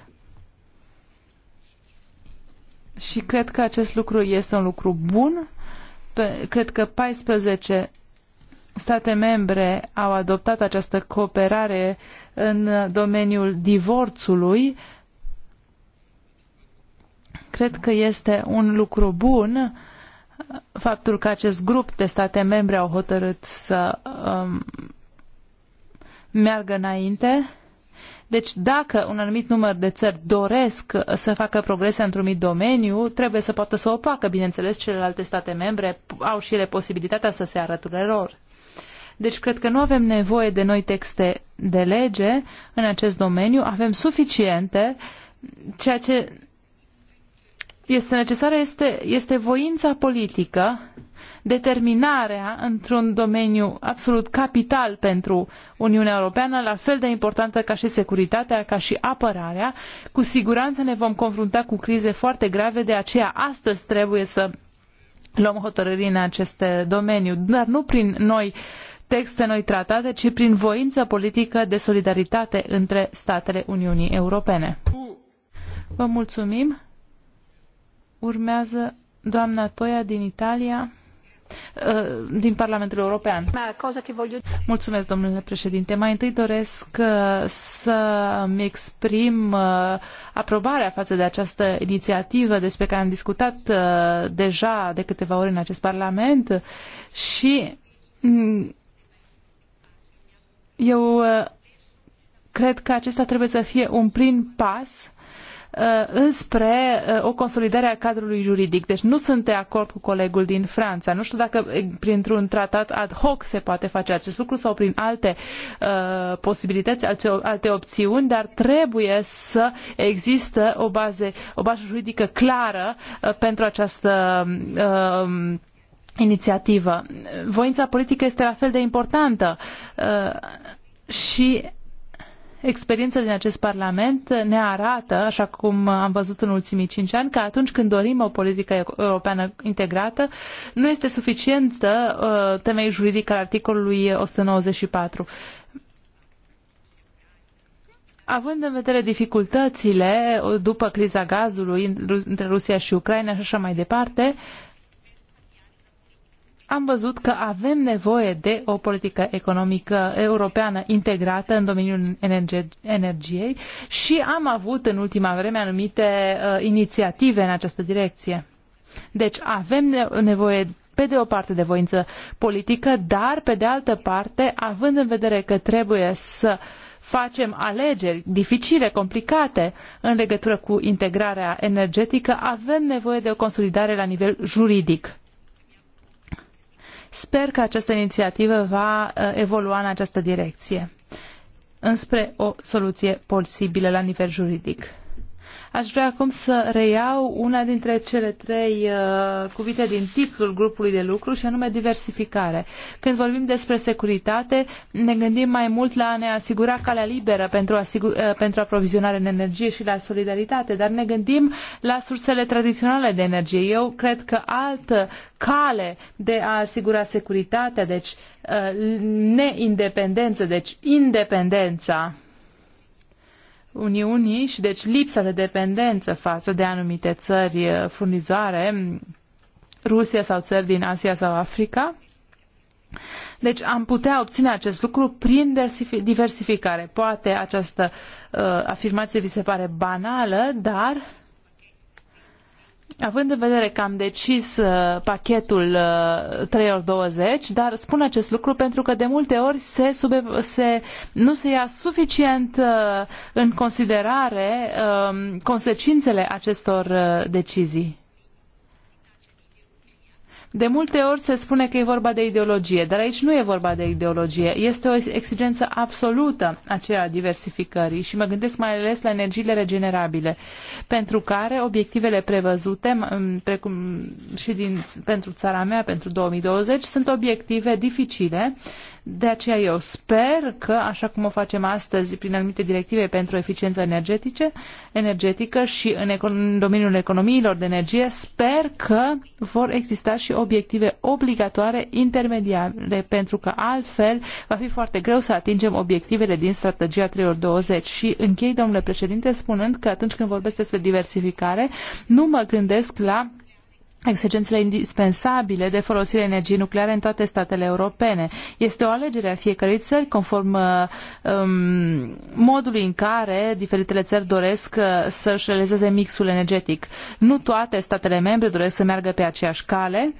și cred că acest lucru este un lucru bun. Cred că 14 state membre au adoptat această cooperare în domeniul divorțului Cred că este un lucru bun faptul că acest grup de state membre au hotărât să um, meargă înainte. Deci dacă un anumit număr de țări doresc să facă progrese într-un domeniu, trebuie să poată să o facă. Bineînțeles, celelalte state membre au și ele posibilitatea să se arăture lor. Deci cred că nu avem nevoie de noi texte de lege în acest domeniu, avem suficiente, ceea ce este necesară este, este voința politică, determinarea într-un domeniu absolut capital pentru Uniunea Europeană, la fel de importantă ca și securitatea, ca și apărarea. Cu siguranță ne vom confrunta cu crize foarte grave, de aceea astăzi trebuie să luăm hotărâri în acest domeniu, dar nu prin noi texte, noi tratate, ci prin voință politică de solidaritate între statele Uniunii Europene. Vă mulțumim! Urmează doamna Toia din Italia uh, din Parlamentul European. Mulțumesc, domnule președinte. Mai întâi doresc uh, să-mi exprim uh, aprobarea față de această inițiativă despre care am discutat deja de câteva ori în acest Parlament și mm, eu cred că acesta trebuie să fie un prim pas Uh, înspre uh, o consolidare a cadrului juridic. Deci nu sunt de acord cu colegul din Franța. Nu știu dacă eh, printr-un tratat ad hoc se poate face acest lucru sau prin alte uh, posibilități, alte, alte opțiuni, dar trebuie să există o bază, o bază juridică clară uh, pentru această uh, inițiativă. Voința politică este la fel de importantă uh, și Experiența din acest Parlament ne arată, așa cum am văzut în ultimii cinci ani, că atunci când dorim o politică europeană integrată, nu este suficientă uh, temeiul temei juridică al articolului 194. Având în vedere dificultățile uh, după criza gazului între Rusia și Ucraina și așa mai departe, uh, am văzut că avem nevoie de o politică economică europeană integrată în domeniul energiei și am avut în ultima vreme anumite uh, inițiative în această direcție. Deci avem nevoie pe de o parte de voință politică, dar pe de altă parte, având în vedere că trebuie să facem alegeri dificile, complicate în legătură cu integrarea energetică, avem nevoie de o consolidare la nivel juridic Sper că această inițiativă va uh, evolua în această direcție, înspre o soluție posibilă la nivel juridic. Aș vrea acum să reiau una dintre cele trei uh, cuvinte din titlul grupului de lucru și anume diversificare. Când vorbim despre securitate, ne gândim mai mult la a ne asigura calea liberă pentru, asigur, uh, pentru aprovizionare în energie și la solidaritate, dar ne gândim la sursele tradiționale de energie. Eu cred că altă cale de a asigura securitatea, deci uh, neindependență, deci independența Uniunii și deci lipsa de dependență față de anumite țări eh, furnizoare, mm, Rusia sau țări din Asia sau Africa. Deci am putea obține acest lucru prin diversificare. Poate această uh, afirmație vi se pare banală, dar Având în vedere că am decis uh, pachetul uh, 3 ori 20, dar spun acest lucru pentru că de multe ori se sube, se, nu se ia suficient uh, în considerare uh, consecințele acestor uh, decizii. De multe ori se spune că e vorba de ideologie, dar aici nu e vorba de ideologie. Este o exigență absolută aceea a diversificării și mă gândesc mai ales la energiile regenerabile, pentru care obiectivele prevăzute, precum și din, pentru țara mea, pentru 2020, sunt obiective dificile de aceea eu sper că, așa cum o facem astăzi prin anumite directive pentru eficiență energetice, energetică și în, econ- în domeniul economiilor de energie, sper că vor exista și obiective obligatoare intermediare, pentru că altfel va fi foarte greu să atingem obiectivele din strategia 3 20 Și închei, domnule președinte, spunând că atunci când vorbesc despre diversificare, nu mă gândesc la exigențele indispensabile de folosire energiei nucleare în toate statele europene. Este o alegere a fiecărei țări conform uh, um, modului în care diferitele țări doresc uh, să-și realizeze mixul energetic. Nu toate statele membre doresc să meargă pe aceeași cale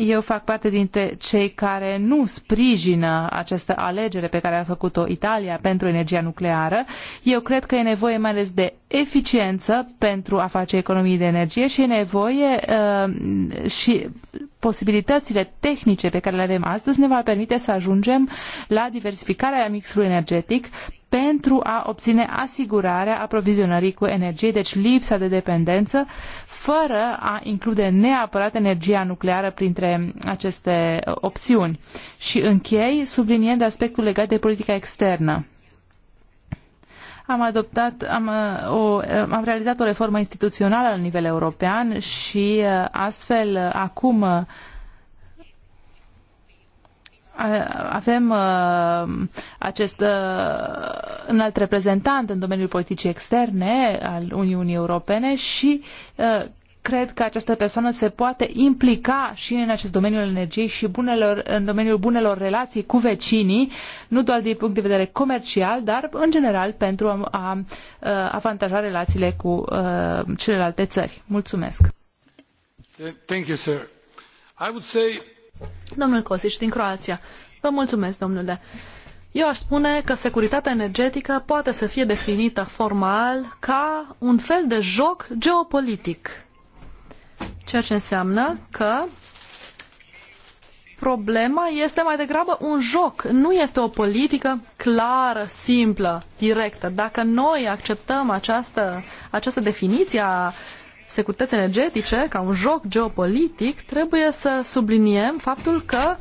eu fac parte dintre cei care nu sprijină această alegere pe care a făcut-o Italia pentru energia nucleară. Eu cred că e nevoie mai ales de eficiență pentru a face economii de energie și e nevoie uh, și posibilitățile tehnice pe care le avem astăzi ne va permite să ajungem la diversificarea mixului energetic pentru a obține asigurarea aprovizionării cu energie, deci lipsa de dependență, fără a include neapărat energia nucleară printre aceste opțiuni. Și închei subliniind aspectul legat de politica externă. Am adoptat, am, uh, o, uh, am realizat o reformă instituțională la nivel european și uh, astfel acum avem uh, acest uh, înalt reprezentant în domeniul politicii externe al Uniunii Europene și uh, cred că această persoană se poate implica și în acest domeniu al energiei și bunelor, în domeniul bunelor relații cu vecinii, nu doar din punct de vedere comercial, dar în general pentru a, a, avantaja relațiile cu a, celelalte țări. Mulțumesc. Thank you, sir. I would say... Domnul Cosiș din Croația. Vă mulțumesc, domnule. Eu aș spune că securitatea energetică poate să fie definită formal ca un fel de joc geopolitic Ceea ce înseamnă că problema este mai degrabă un joc, nu este o politică clară, simplă, directă. Dacă noi acceptăm această, această definiție a securității energetice ca un joc geopolitic, trebuie să subliniem faptul că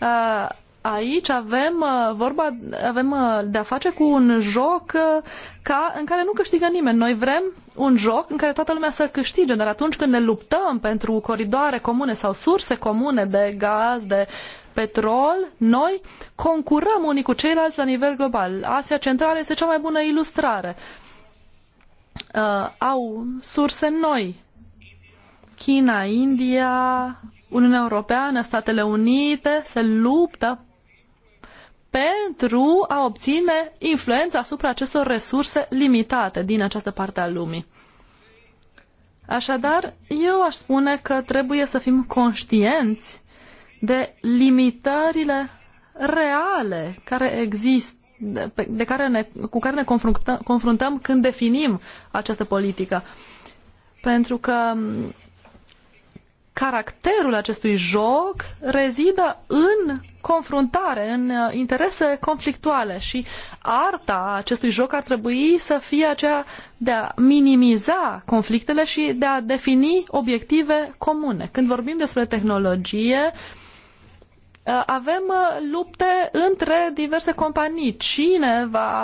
uh, aici avem uh, vorba, avem uh, de-a face cu un joc uh, ca, în care nu câștigă nimeni. Noi vrem un joc în care toată lumea să câștige, dar atunci când ne luptăm pentru coridoare comune sau surse comune de gaz, de petrol, noi concurăm unii cu ceilalți la nivel global. Asia Centrală este cea mai bună ilustrare. Uh, au surse noi. China, India, Uniunea Europeană, Statele Unite se luptă pentru a obține influența asupra acestor resurse limitate din această parte a lumii. Așadar, eu aș spune că trebuie să fim conștienți de limitările reale care există de care ne, cu care ne confruntăm, confruntăm când definim această politică. Pentru că caracterul acestui joc rezidă în confruntare, în uh, interese conflictuale și arta acestui joc ar trebui să fie aceea de a minimiza conflictele și de a defini obiective comune. Când vorbim despre tehnologie, uh, avem uh, lupte între diverse companii. Cine va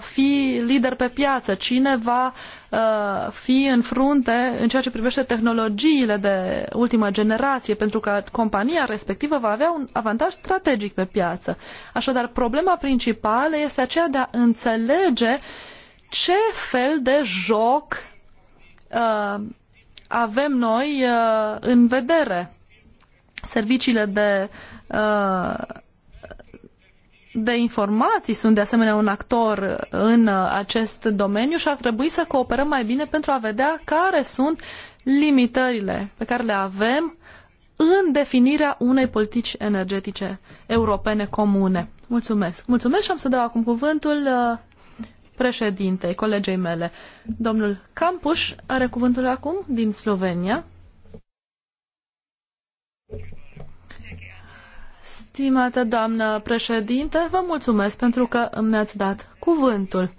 fi lider pe piață? Cine va Uh, fi în frunte în ceea ce privește tehnologiile de ultimă generație, pentru că compania respectivă va avea un avantaj strategic pe piață. Așadar, problema principală este aceea de a înțelege ce fel de joc uh, avem noi uh, în vedere. Serviciile de uh, de informații sunt de asemenea un actor în acest domeniu și ar trebui să cooperăm mai bine pentru a vedea care sunt limitările pe care le avem în definirea unei politici energetice europene comune. Mulțumesc. Mulțumesc și am să dau acum cuvântul uh, președintei, colegei mele. Domnul Campuș are cuvântul acum din Slovenia. Stimată doamnă președinte, vă mulțumesc pentru că mi-ați dat cuvântul.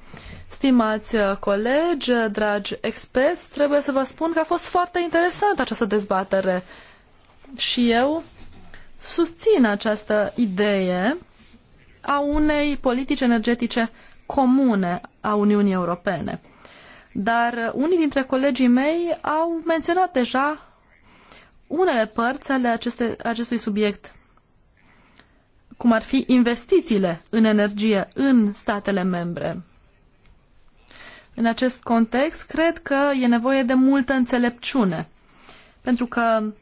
Stimați uh, colegi, uh, dragi experți, trebuie să vă spun că a fost foarte interesantă această dezbatere și eu susțin această idee a unei politici energetice comune a Uniunii Europene. Dar uh, unii dintre colegii mei au menționat deja unele părți ale aceste, acestui subiect cum ar fi investițiile în energie în statele membre. În acest context, cred că e nevoie de multă înțelepciune, pentru că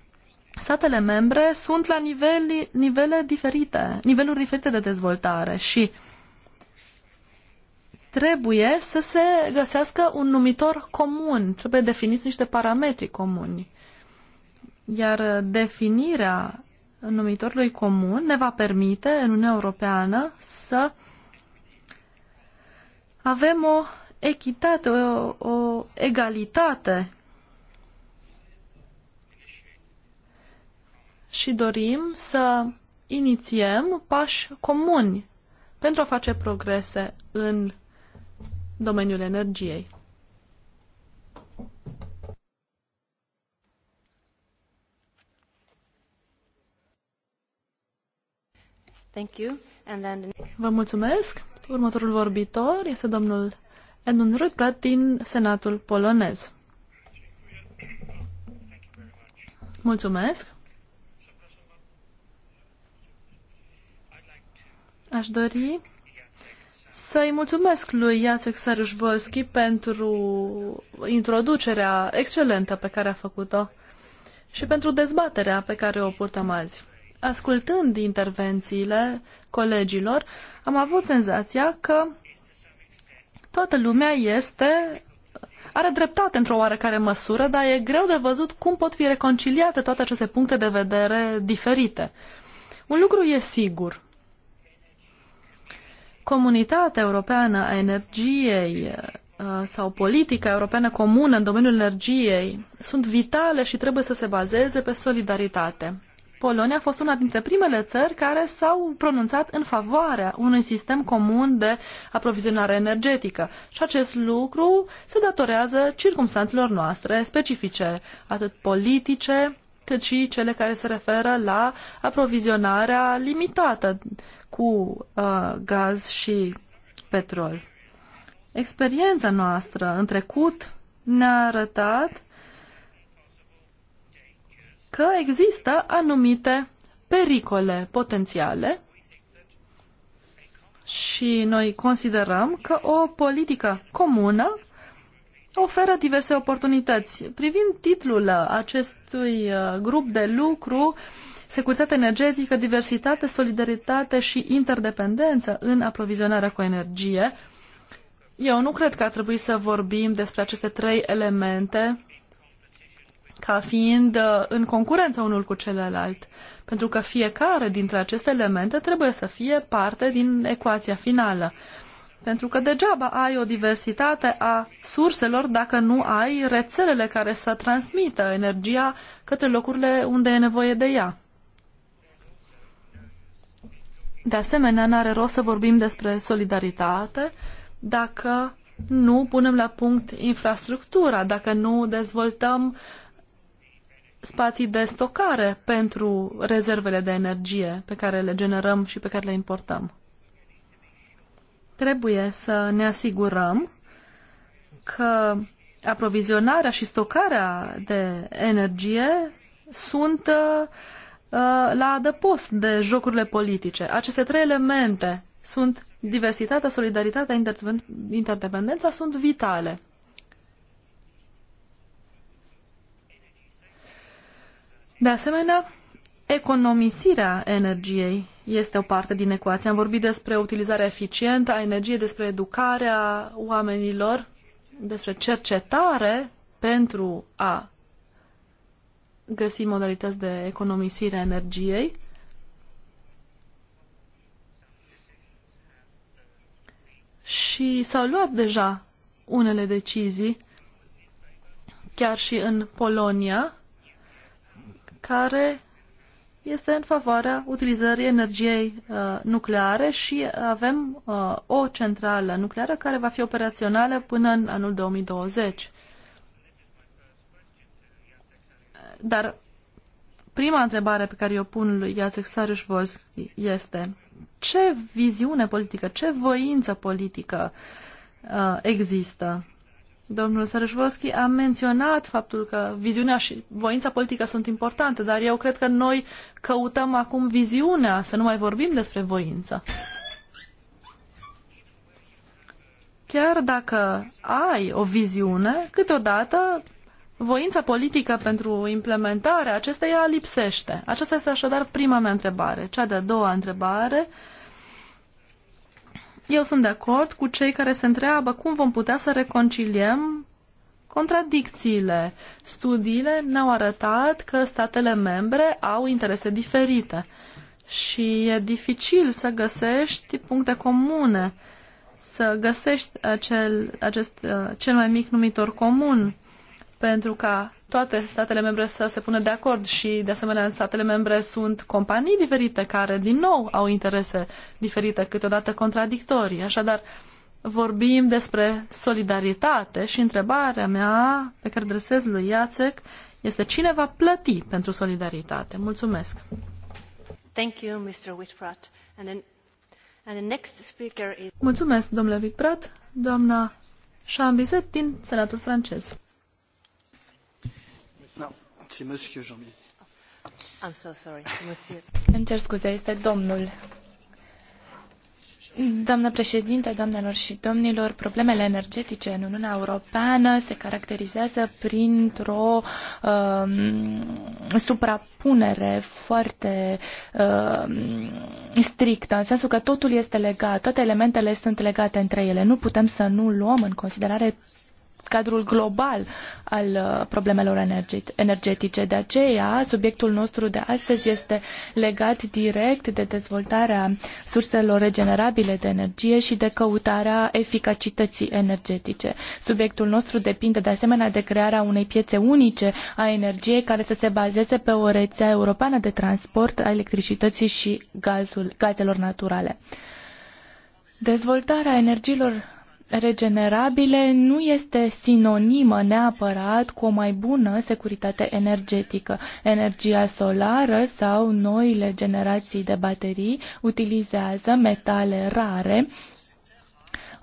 statele membre sunt la niveli, nivele diferite, niveluri diferite de dezvoltare și trebuie să se găsească un numitor comun, trebuie definiți niște parametri comuni. Iar definirea numitorului comun ne va permite în Uniunea Europeană să avem o echitate, o, o egalitate și dorim să inițiem pași comuni pentru a face progrese în domeniul energiei. Vă mulțumesc. Următorul vorbitor este domnul Edmund Rudbrat din Senatul polonez. Mulțumesc. Aș dori să-i mulțumesc lui Jacek Sarjvolski pentru introducerea excelentă pe care a făcut-o și pentru dezbaterea pe care o purtăm azi ascultând intervențiile colegilor, am avut senzația că toată lumea este are dreptate într-o oarecare măsură, dar e greu de văzut cum pot fi reconciliate toate aceste puncte de vedere diferite. Un lucru e sigur. Comunitatea europeană a energiei uh, sau politica europeană comună în domeniul energiei sunt vitale și trebuie să se bazeze pe solidaritate. Polonia a fost una dintre primele țări care s-au pronunțat în favoarea unui sistem comun de aprovizionare energetică. Și acest lucru se datorează circumstanțelor noastre specifice, atât politice, cât și cele care se referă la aprovizionarea limitată cu uh, gaz și petrol. Experiența noastră în trecut ne-a arătat că există anumite pericole potențiale și noi considerăm că o politică comună oferă diverse oportunități. Privind titlul acestui uh, grup de lucru, securitate energetică, diversitate, solidaritate și interdependență în aprovizionarea cu energie, eu nu cred că ar trebui să vorbim despre aceste trei elemente ca fiind uh, în concurență unul cu celălalt, pentru că fiecare dintre aceste elemente trebuie să fie parte din ecuația finală. Pentru că degeaba ai o diversitate a surselor dacă nu ai rețelele care să transmită energia către locurile unde e nevoie de ea. De asemenea, n-are rost să vorbim despre solidaritate dacă nu punem la punct infrastructura, dacă nu dezvoltăm spații de stocare pentru rezervele de energie pe care le generăm și pe care le importăm. Trebuie să ne asigurăm că aprovizionarea și stocarea de energie sunt uh, uh la adăpost de jocurile politice. Aceste trei elemente sunt diversitatea, solidaritatea, interdependența sunt vitale. De asemenea, economisirea energiei este o parte din ecuație. Am vorbit despre utilizarea eficientă a energiei, despre educarea oamenilor, despre cercetare pentru a găsi modalități de economisire a energiei. Și s-au luat deja unele decizii, chiar și în Polonia, care este în favoarea utilizării energiei uh, nucleare și avem uh, o centrală nucleară care va fi operațională până în anul 2020. Dar prima întrebare pe care o pun lui Jacek Sariusz-Wolski este ce viziune politică, ce voință politică uh, există Domnul Sărășvoschi a menționat faptul că viziunea și voința politică sunt importante, dar eu cred că noi căutăm acum viziunea, să nu mai vorbim despre voință. Chiar dacă ai o viziune, câteodată voința politică pentru implementarea acesteia lipsește. Aceasta este așadar prima mea întrebare. Cea de-a doua întrebare uh, eu sunt de acord cu cei care se întreabă cum vom putea să reconciliem contradicțiile. Studiile ne-au arătat că statele membre au interese diferite și e dificil să găsești puncte comune, să găsești acel, acest uh, cel mai mic numitor comun pentru ca toate statele membre să se pună de acord și, de asemenea, în statele membre sunt companii diferite care, din nou, au interese diferite, câteodată contradictorii. Așadar, vorbim despre solidaritate și întrebarea mea pe care adresez lui Iacek este cine va plăti pentru solidaritate? Mulțumesc! Thank you, Mr. Whitprat. And then, and the next speaker is... Mulțumesc, domnule Whitprat, doamna Chambizet din Senatul francez. Îmi cer scuze, și problemele energetice în Uniunea Europeană se caracterizează printr-o um, suprapunere foarte um, strictă, în sensul că totul este legat, toate elementele sunt legate între ele. Nu putem să nu luăm în considerare cadrul global al uh, problemelor energetice. De aceea, subiectul nostru de astăzi este legat direct de dezvoltarea surselor regenerabile de energie și de căutarea eficacității energetice. Subiectul nostru depinde de asemenea de crearea unei piețe unice a energiei care să se bazeze pe o rețea europeană de transport a electricității și gazul, gazelor naturale. Dezvoltarea energiilor regenerabile nu este sinonimă neapărat cu o mai bună securitate energetică. Energia solară sau noile generații de baterii utilizează metale rare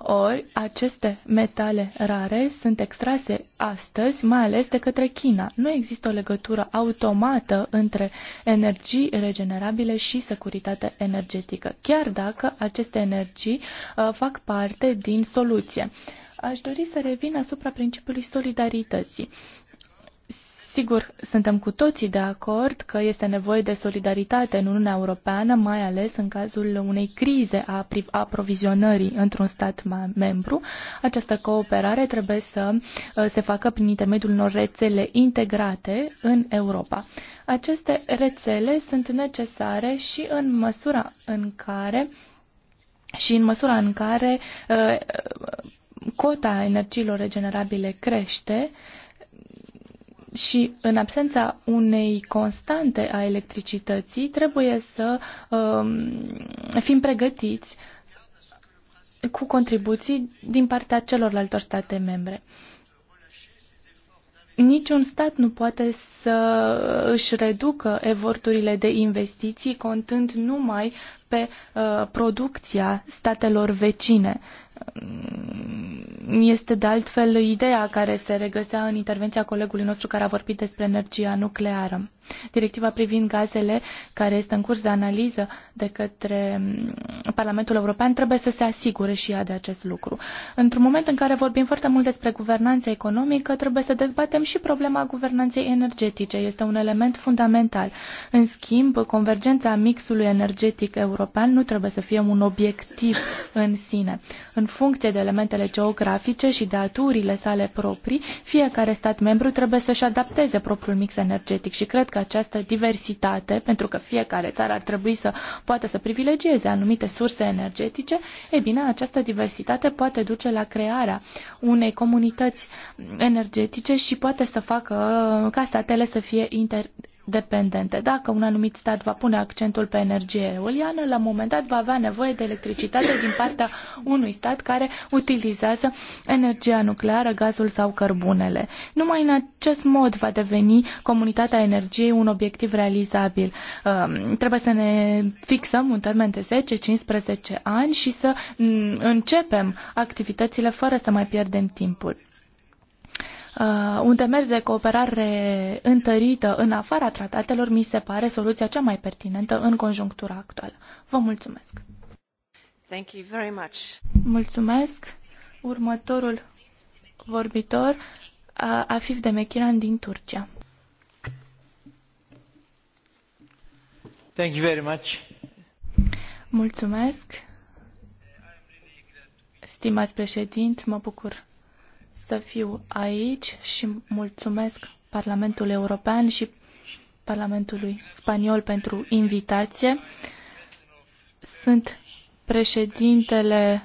ori aceste metale rare sunt extrase astăzi, mai ales de către China. Nu există o legătură automată între energii regenerabile și securitate energetică, chiar dacă aceste energii uh, fac parte din soluție. Aș dori să revin asupra principiului solidarității. Uh, Sigur, suntem cu toții de acord că este nevoie de solidaritate în Uniunea Europeană, mai ales în cazul unei crize a aprovizionării într-un stat membru. Această cooperare trebuie să uh, se facă prin intermediul unor rețele integrate în Europa. Aceste rețele sunt necesare și în măsura în care și în măsura în care uh, uh, cota energiilor regenerabile crește, uh, și în absența unei constante a electricității, trebuie să uh, fim pregătiți cu contribuții din partea celorlaltor state membre. Niciun stat nu poate să își reducă eforturile de investiții contând numai pe uh, producția statelor vecine. Mm, este de altfel ideea care se regăsea în intervenția colegului nostru care a vorbit despre energia nucleară. Directiva privind gazele, care este în curs de analiză de către mm, Parlamentul European, trebuie să se asigure și ea de acest lucru. Într-un moment în care vorbim foarte mult despre guvernanța economică, trebuie să dezbatem și problema guvernanței energetice. Este un element fundamental. În schimb, convergența mixului energetic european european nu trebuie să fie un obiectiv în sine. În funcție de elementele geografice și de aturile sale proprii, fiecare stat membru trebuie să-și adapteze propriul mix energetic și cred că această diversitate, pentru că fiecare țară ar trebui să poată să privilegieze anumite surse energetice, e bine, această diversitate poate duce la crearea unei comunități energetice și poate să facă ca statele să fie inter dependente. Dacă un anumit stat va pune accentul pe energie eoliană, la un moment dat va avea nevoie de electricitate din partea unui stat care utilizează energia nucleară, gazul sau cărbunele. Numai în acest mod va deveni comunitatea energiei un obiectiv realizabil. Um, trebuie să ne fixăm un termen de 10-15 ani și să mm, începem activitățile fără să mai pierdem timpul. Uh, un demers de cooperare întărită în afara tratatelor mi se pare soluția cea mai pertinentă în conjunctura actuală. Vă mulțumesc! Thank you very much. Mulțumesc! Următorul vorbitor, uh, Afif Demekiran din Turcia. Thank you very much. Mulțumesc! Stimați președinți, mă bucur să fiu aici și mulțumesc Parlamentul European și Parlamentului Spaniol pentru invitație. Sunt președintele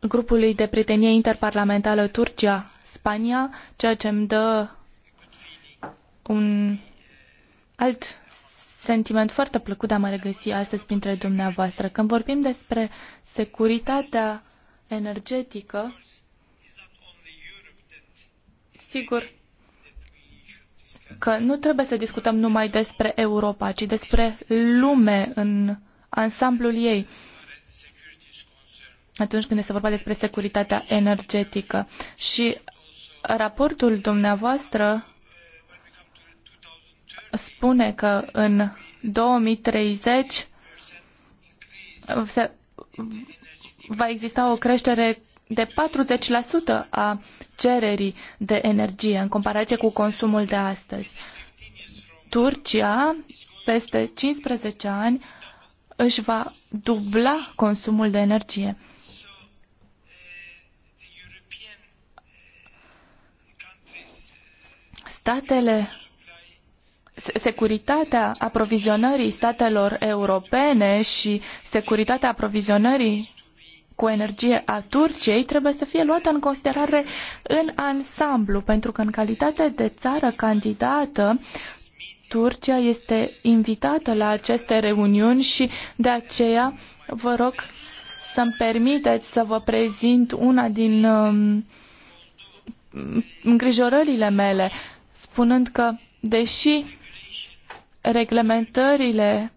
grupului de prietenie interparlamentară Turcia-Spania, ceea ce îmi dă un alt sentiment foarte plăcut de a mă regăsi astăzi printre dumneavoastră. Când vorbim despre securitatea energetică, Sigur că nu trebuie să discutăm numai despre Europa, ci despre lume în ansamblul ei atunci când este vorba despre securitatea energetică. Și raportul dumneavoastră spune că în 2030 se, va exista o creștere de 40% a cererii de energie în comparație cu consumul de astăzi. Turcia, peste 15 ani, își va dubla consumul de energie. Statele securitatea aprovizionării statelor europene și securitatea aprovizionării cu energie a Turciei trebuie să fie luată în considerare în ansamblu, pentru că în calitate de țară candidată, Turcia este invitată la aceste reuniuni și de aceea vă rog să-mi permiteți să vă prezint una din um, îngrijorările mele, spunând că, deși reglementările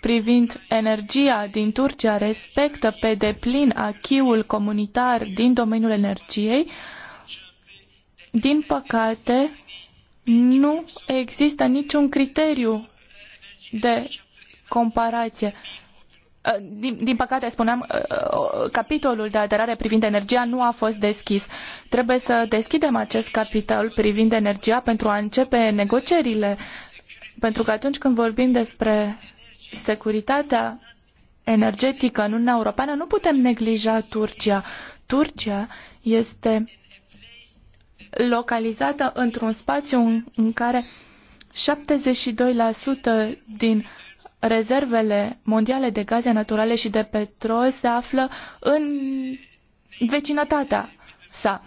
privind energia din Turcia respectă pe deplin achiul comunitar din domeniul energiei, din păcate, nu există niciun criteriu de comparație. Uh, din, din păcate, spuneam, uh, uh, capitolul de aderare privind energia nu a fost deschis. Trebuie să deschidem acest capitol privind energia pentru a începe negocierile. Pentru că atunci când vorbim despre securitatea energetică în Uniunea Europeană, nu putem neglija Turcia. Turcia este localizată într-un spațiu în care 72% din rezervele mondiale de gaze naturale și de petrol se află în vecinătatea sa,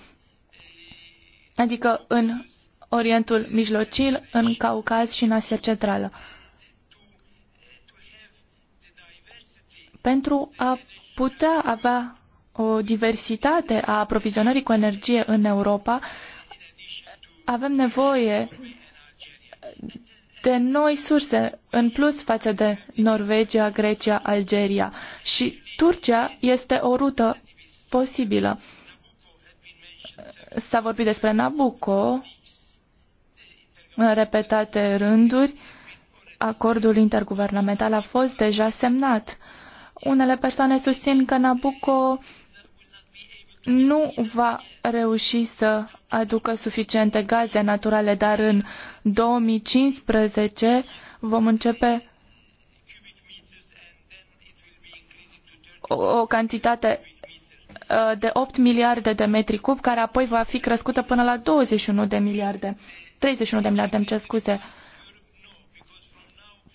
adică în Orientul Mijlociu, în Caucaz și în Asia Centrală. pentru a putea avea o diversitate a aprovizionării cu energie în Europa, avem nevoie de noi surse, în plus față de Norvegia, Grecia, Algeria. Și Turcia este o rută posibilă. S-a vorbit despre Nabucco în repetate rânduri. Acordul interguvernamental a fost deja semnat. Unele persoane susțin că Nabucco nu va reuși să aducă suficiente gaze naturale, dar în 2015 vom începe o cantitate ă, de 8 miliarde de metri cub, care apoi va fi crescută până la 21 de miliarde, 31 de miliarde, îmi cer scuze.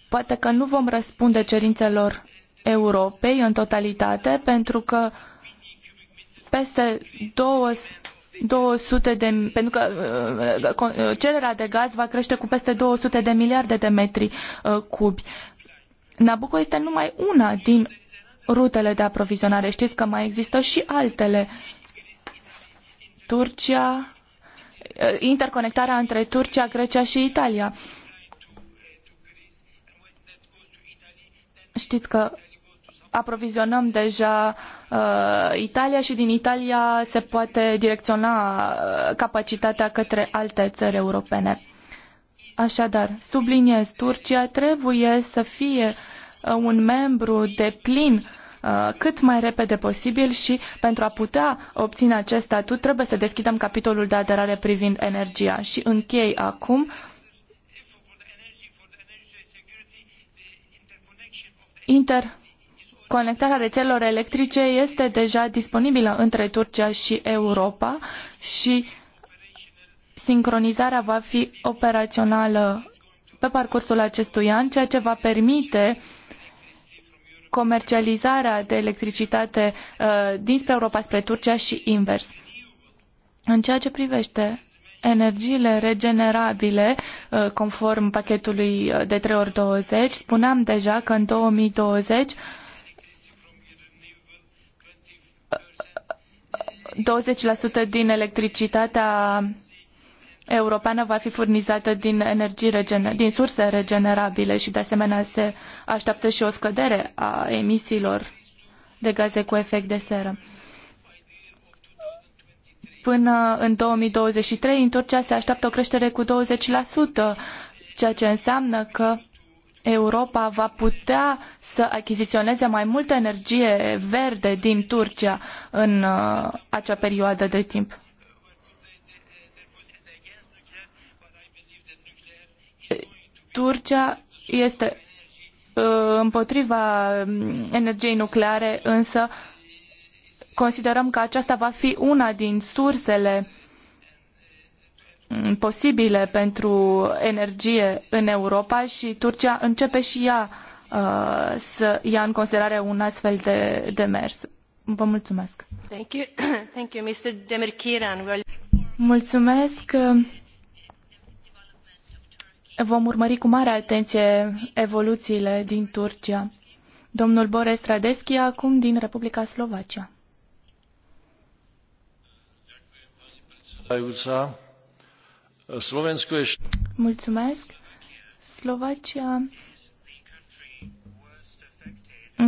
Poate că nu vom răspunde cerințelor Europei în totalitate, pentru că peste 200 de, pentru că uh, uh, cererea de gaz va crește cu peste 200 de miliarde de metri uh, cubi. Nabucco este numai una din rutele de aprovizionare. Știți că mai există și altele. Turcia, interconectarea între Turcia, Grecia și Italia. Știți că aprovizionăm deja uh, Italia și din Italia se poate direcționa uh, capacitatea către alte țări europene. Așadar, subliniez, Turcia trebuie să fie uh, un membru de plin uh, cât mai repede posibil și pentru a putea obține acest statut trebuie să deschidem capitolul de aderare privind energia. Și închei acum inter conectarea rețelelor electrice este deja disponibilă între Turcia și Europa și sincronizarea va fi operațională pe parcursul acestui an, ceea ce va permite comercializarea de electricitate uh, dinspre Europa spre Turcia și invers. În ceea ce privește energiile regenerabile, uh, conform pachetului uh, de 3 ori 20, spuneam deja că în 2020 20% din electricitatea europeană va fi furnizată din, energii regener- din surse regenerabile și de asemenea se așteaptă și o scădere a emisiilor de gaze cu efect de seră. Până în 2023, în Turcia se așteaptă o creștere cu 20%, ceea ce înseamnă că Europa va putea să achiziționeze mai multă energie verde din Turcia în uh, acea perioadă de timp. Turcia este uh, împotriva um, energiei nucleare, însă considerăm că aceasta va fi una din sursele posibile pentru energie în Europa și Turcia începe și ea uh, să ia în considerare un astfel de, de mers. Vă mulțumesc. Thank you. Thank you, Mr. Demirkiran. Mulțumesc. Vom urmări cu mare atenție evoluțiile din Turcia. Domnul Boris Tradeschi, acum din Republica Slovacia. Aiuța. Slovensko je... Mulțumesc. Slovacia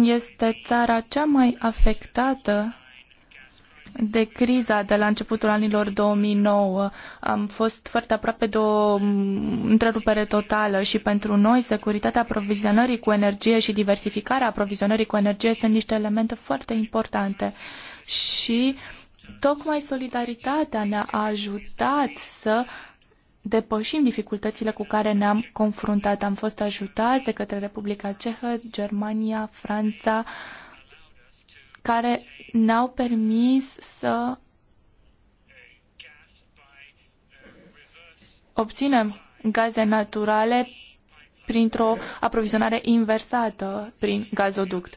este țara cea mai afectată de criza de la începutul anilor 2009. Am fost foarte aproape de o întrerupere totală și pentru noi securitatea aprovizionării cu energie și diversificarea aprovizionării cu energie sunt niște elemente foarte importante. Și tocmai solidaritatea ne-a ajutat să uh, depășim dificultățile cu care ne-am confruntat. Am fost ajutați de către Republica Cehă, Germania, Franța, care ne-au permis să obținem gaze naturale printr-o aprovizionare inversată prin gazoduct.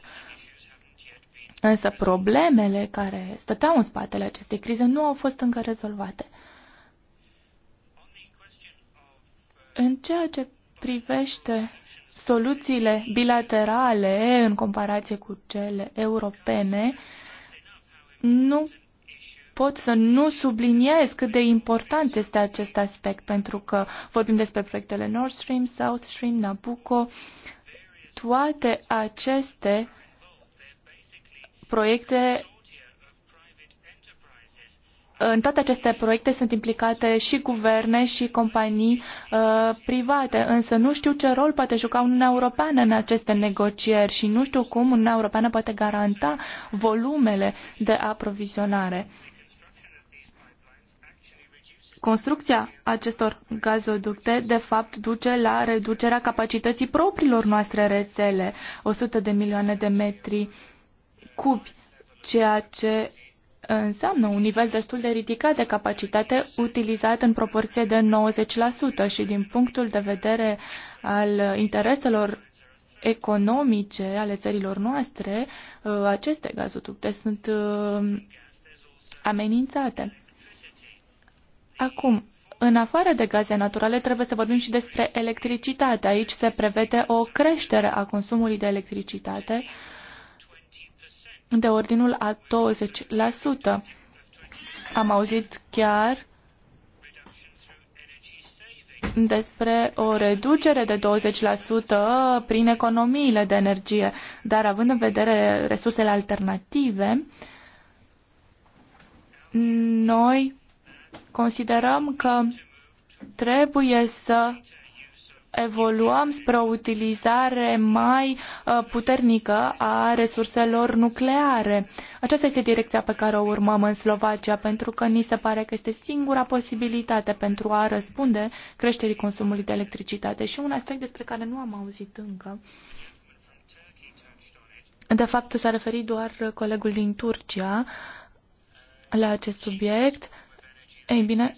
Însă problemele care stăteau în spatele acestei crize nu au fost încă rezolvate. În ceea ce privește soluțiile bilaterale în comparație cu cele europene, nu pot să nu subliniez cât de important este acest aspect, pentru că vorbim despre proiectele Nord Stream, South Stream, Nabucco. Toate aceste proiecte în toate aceste proiecte sunt implicate și guverne și companii uh, private, însă nu știu ce rol poate juca Uniunea Europeană în aceste negocieri și nu știu cum Uniunea Europeană poate garanta volumele de aprovizionare. Construcția acestor gazoducte, de fapt, duce la reducerea capacității propriilor noastre rețele, 100 de milioane de metri cubi, ceea ce înseamnă un nivel destul de ridicat de capacitate utilizat în proporție de 90% și din punctul de vedere al intereselor economice ale țărilor noastre, uh, aceste gazoducte sunt uh, amenințate. Acum, în afară de gaze naturale, trebuie să vorbim și despre electricitate. Aici se prevede o creștere a consumului de electricitate uh, de ordinul a 20%. Am auzit chiar despre o reducere de 20% prin economiile de energie, dar având în vedere resursele alternative, noi considerăm că trebuie să evoluăm spre o utilizare mai uh, puternică a resurselor nucleare. Aceasta este direcția pe care o urmăm în Slovacia, pentru că ni se pare că este singura posibilitate pentru a răspunde creșterii consumului de electricitate. Și un aspect despre care nu am auzit încă. De fapt, s-a referit doar colegul din Turcia la acest subiect. Ei bine,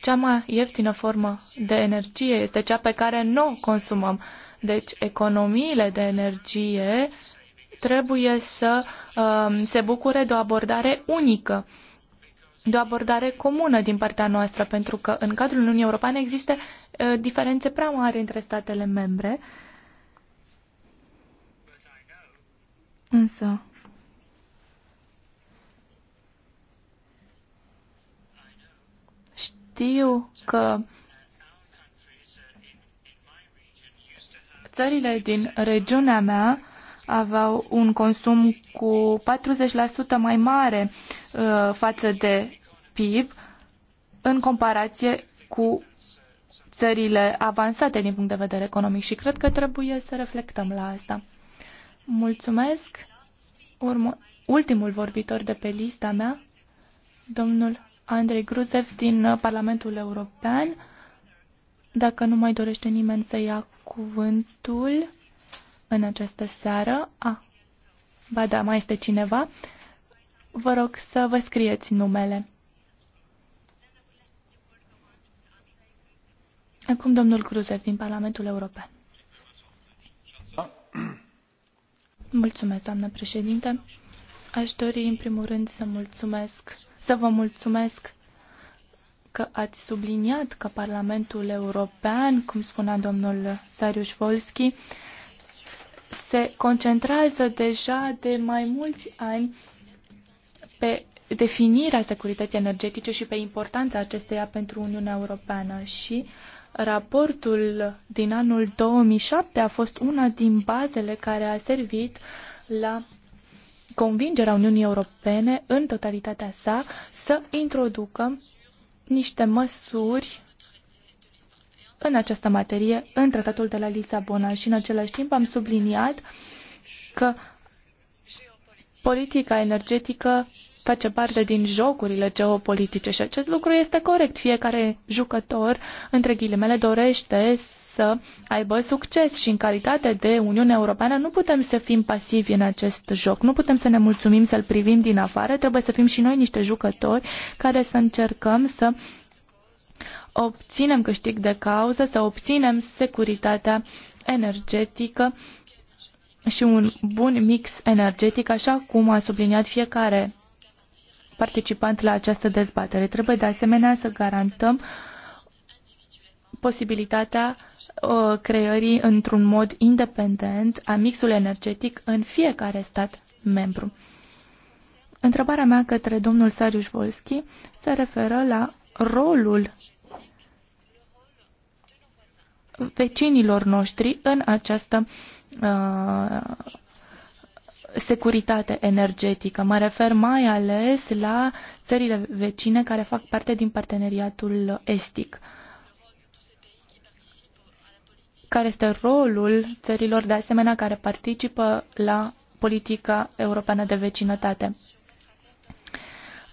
cea mai ieftină formă de energie este cea pe care nu o consumăm. Deci economiile de energie trebuie să uh, se bucure de o abordare unică, de o abordare comună din partea noastră, pentru că în cadrul Uniunii Europene există uh, diferențe prea mari între statele membre. Însă, Știu că țările din regiunea mea aveau un consum cu 40% mai mare uh, față de PIB în comparație cu țările avansate din punct de vedere economic și cred că trebuie să reflectăm la asta. Mulțumesc. Urmă, ultimul vorbitor de pe lista mea, domnul Andrei Gruzev din uh, Parlamentul European. Dacă nu mai dorește nimeni să ia cuvântul în această seară, a, ba da, mai este cineva, vă rog să vă scrieți numele. Acum domnul Gruzev din Parlamentul European. Mulțumesc, doamnă președinte. Aș dori, în primul rând, să mulțumesc să vă mulțumesc că ați subliniat că Parlamentul European, cum spunea domnul Sariusz Volski, se concentrează deja de mai mulți ani pe definirea securității energetice și pe importanța acesteia pentru Uniunea Europeană și raportul din anul 2007 a fost una din bazele care a servit la convingerea Uniunii Europene în totalitatea sa să introducă niște măsuri în această materie în tratatul de la Lisabona și în același timp am subliniat că politica energetică face parte din jocurile geopolitice și acest lucru este corect. Fiecare jucător, între ghilimele, dorește să aibă succes și în calitate de Uniune Europeană nu putem să fim pasivi în acest joc, nu putem să ne mulțumim să-l privim din afară, trebuie să fim și noi niște jucători care să încercăm să obținem câștig de cauză, să obținem securitatea energetică și un bun mix energetic, așa cum a subliniat fiecare participant la această dezbatere. Trebuie de asemenea să garantăm uh, posibilitatea uh, creării într-un mod independent a mixului energetic în fiecare stat membru. Întrebarea mea către domnul Sariuș Volski se referă la rolul vecinilor noștri în această uh, securitate energetică. Mă refer mai ales la țările vecine care fac parte din parteneriatul estic. Uh, care este rolul țărilor de asemenea care participă la politica europeană de vecinătate.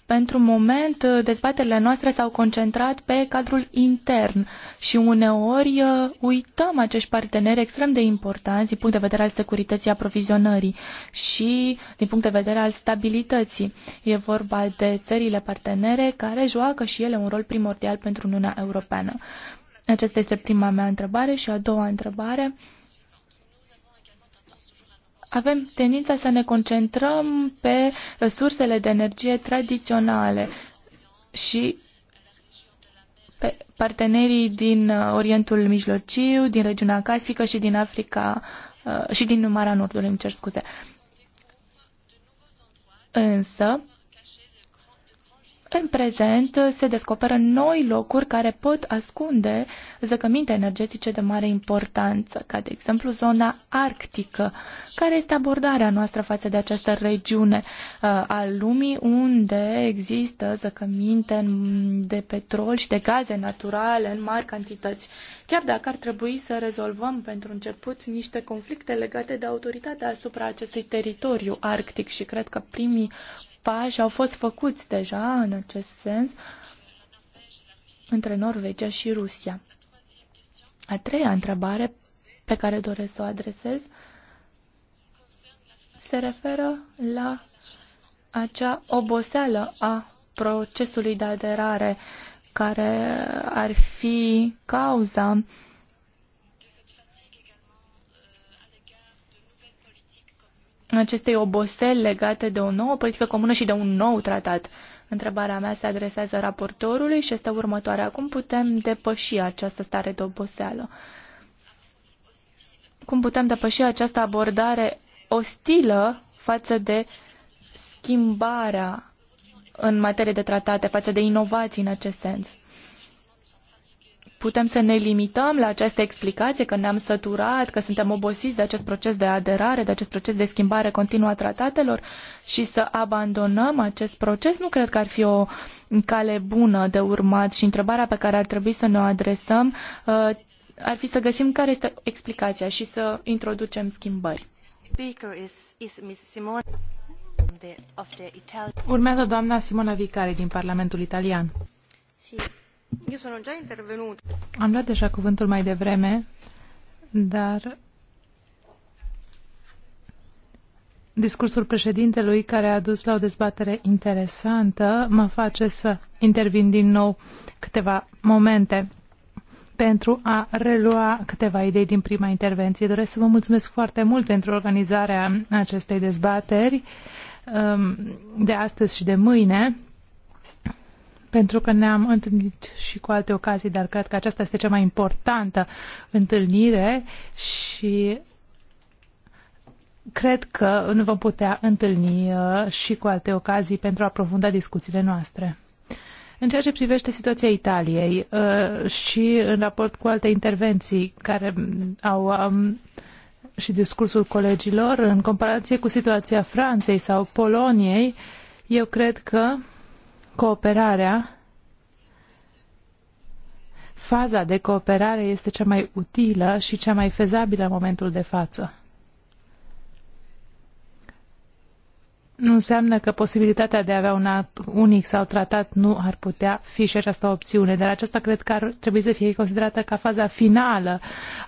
Pentru moment, dezbaterile noastre s-au concentrat pe cadrul intern și uneori uh, uităm acești parteneri extrem de importanți din punct de vedere al securității aprovizionării și din punct de vedere al stabilității. E vorba de țările partenere care joacă și ele un rol primordial pentru Uniunea Europeană. Aceasta este prima mea întrebare și a doua întrebare. Avem tendința să ne concentrăm pe sursele de energie tradiționale și pe partenerii din Orientul Mijlociu, din regiunea Caspică și din Africa uh, și din Marea Nordului, îmi cer scuze. Însă, în prezent uh, se descoperă noi locuri care pot ascunde zăcăminte energetice de mare importanță, ca de exemplu zona arctică. Care este abordarea noastră față de această regiune uh, a lumii unde există zăcăminte de petrol și de gaze naturale în mari cantități? Chiar dacă ar trebui să rezolvăm pentru început niște conflicte legate de autoritatea asupra acestui teritoriu arctic și cred că primii pași au fost făcuți deja în acest sens între Norvegia și Rusia. A treia întrebare pe care doresc să o adresez se referă la acea oboseală a procesului de aderare care ar fi cauza acestei oboseli legate de o nouă politică comună și de un nou tratat. Întrebarea mea se adresează raportorului și este următoarea. Cum putem depăși această stare de oboseală? Cum putem depăși această abordare ostilă față de schimbarea în materie de tratate, față de inovații în acest sens? Putem să ne limităm la această explicație că ne-am săturat, că suntem obosiți de acest proces de aderare, de acest proces de schimbare continuă a tratatelor și să abandonăm acest proces? Nu cred că ar fi o cale bună de urmat și întrebarea pe care ar trebui să ne o adresăm uh, ar fi să găsim care este explicația și să introducem schimbări. Urmează doamna Simona Vicari din Parlamentul Italian. Sí. Am luat deja cuvântul mai devreme, dar discursul președintelui, care a dus la o dezbatere interesantă, mă face să intervin din nou câteva momente pentru a relua câteva idei din prima intervenție. Doresc să vă mulțumesc foarte mult pentru organizarea acestei dezbateri um, de astăzi și de mâine pentru că ne-am întâlnit și cu alte ocazii, dar cred că aceasta este cea mai importantă întâlnire și cred că nu vom putea întâlni uh, și cu alte ocazii pentru a aprofunda discuțiile noastre. În ceea ce privește situația Italiei uh, și în raport cu alte intervenții care au um, și discursul colegilor, în comparație cu situația Franței sau Poloniei, eu cred că cooperarea, faza de cooperare este cea mai utilă și cea mai fezabilă în momentul de față. nu înseamnă că posibilitatea de a avea un act unic sau tratat nu ar putea fi și această opțiune, dar aceasta cred că ar trebui să fie considerată ca faza finală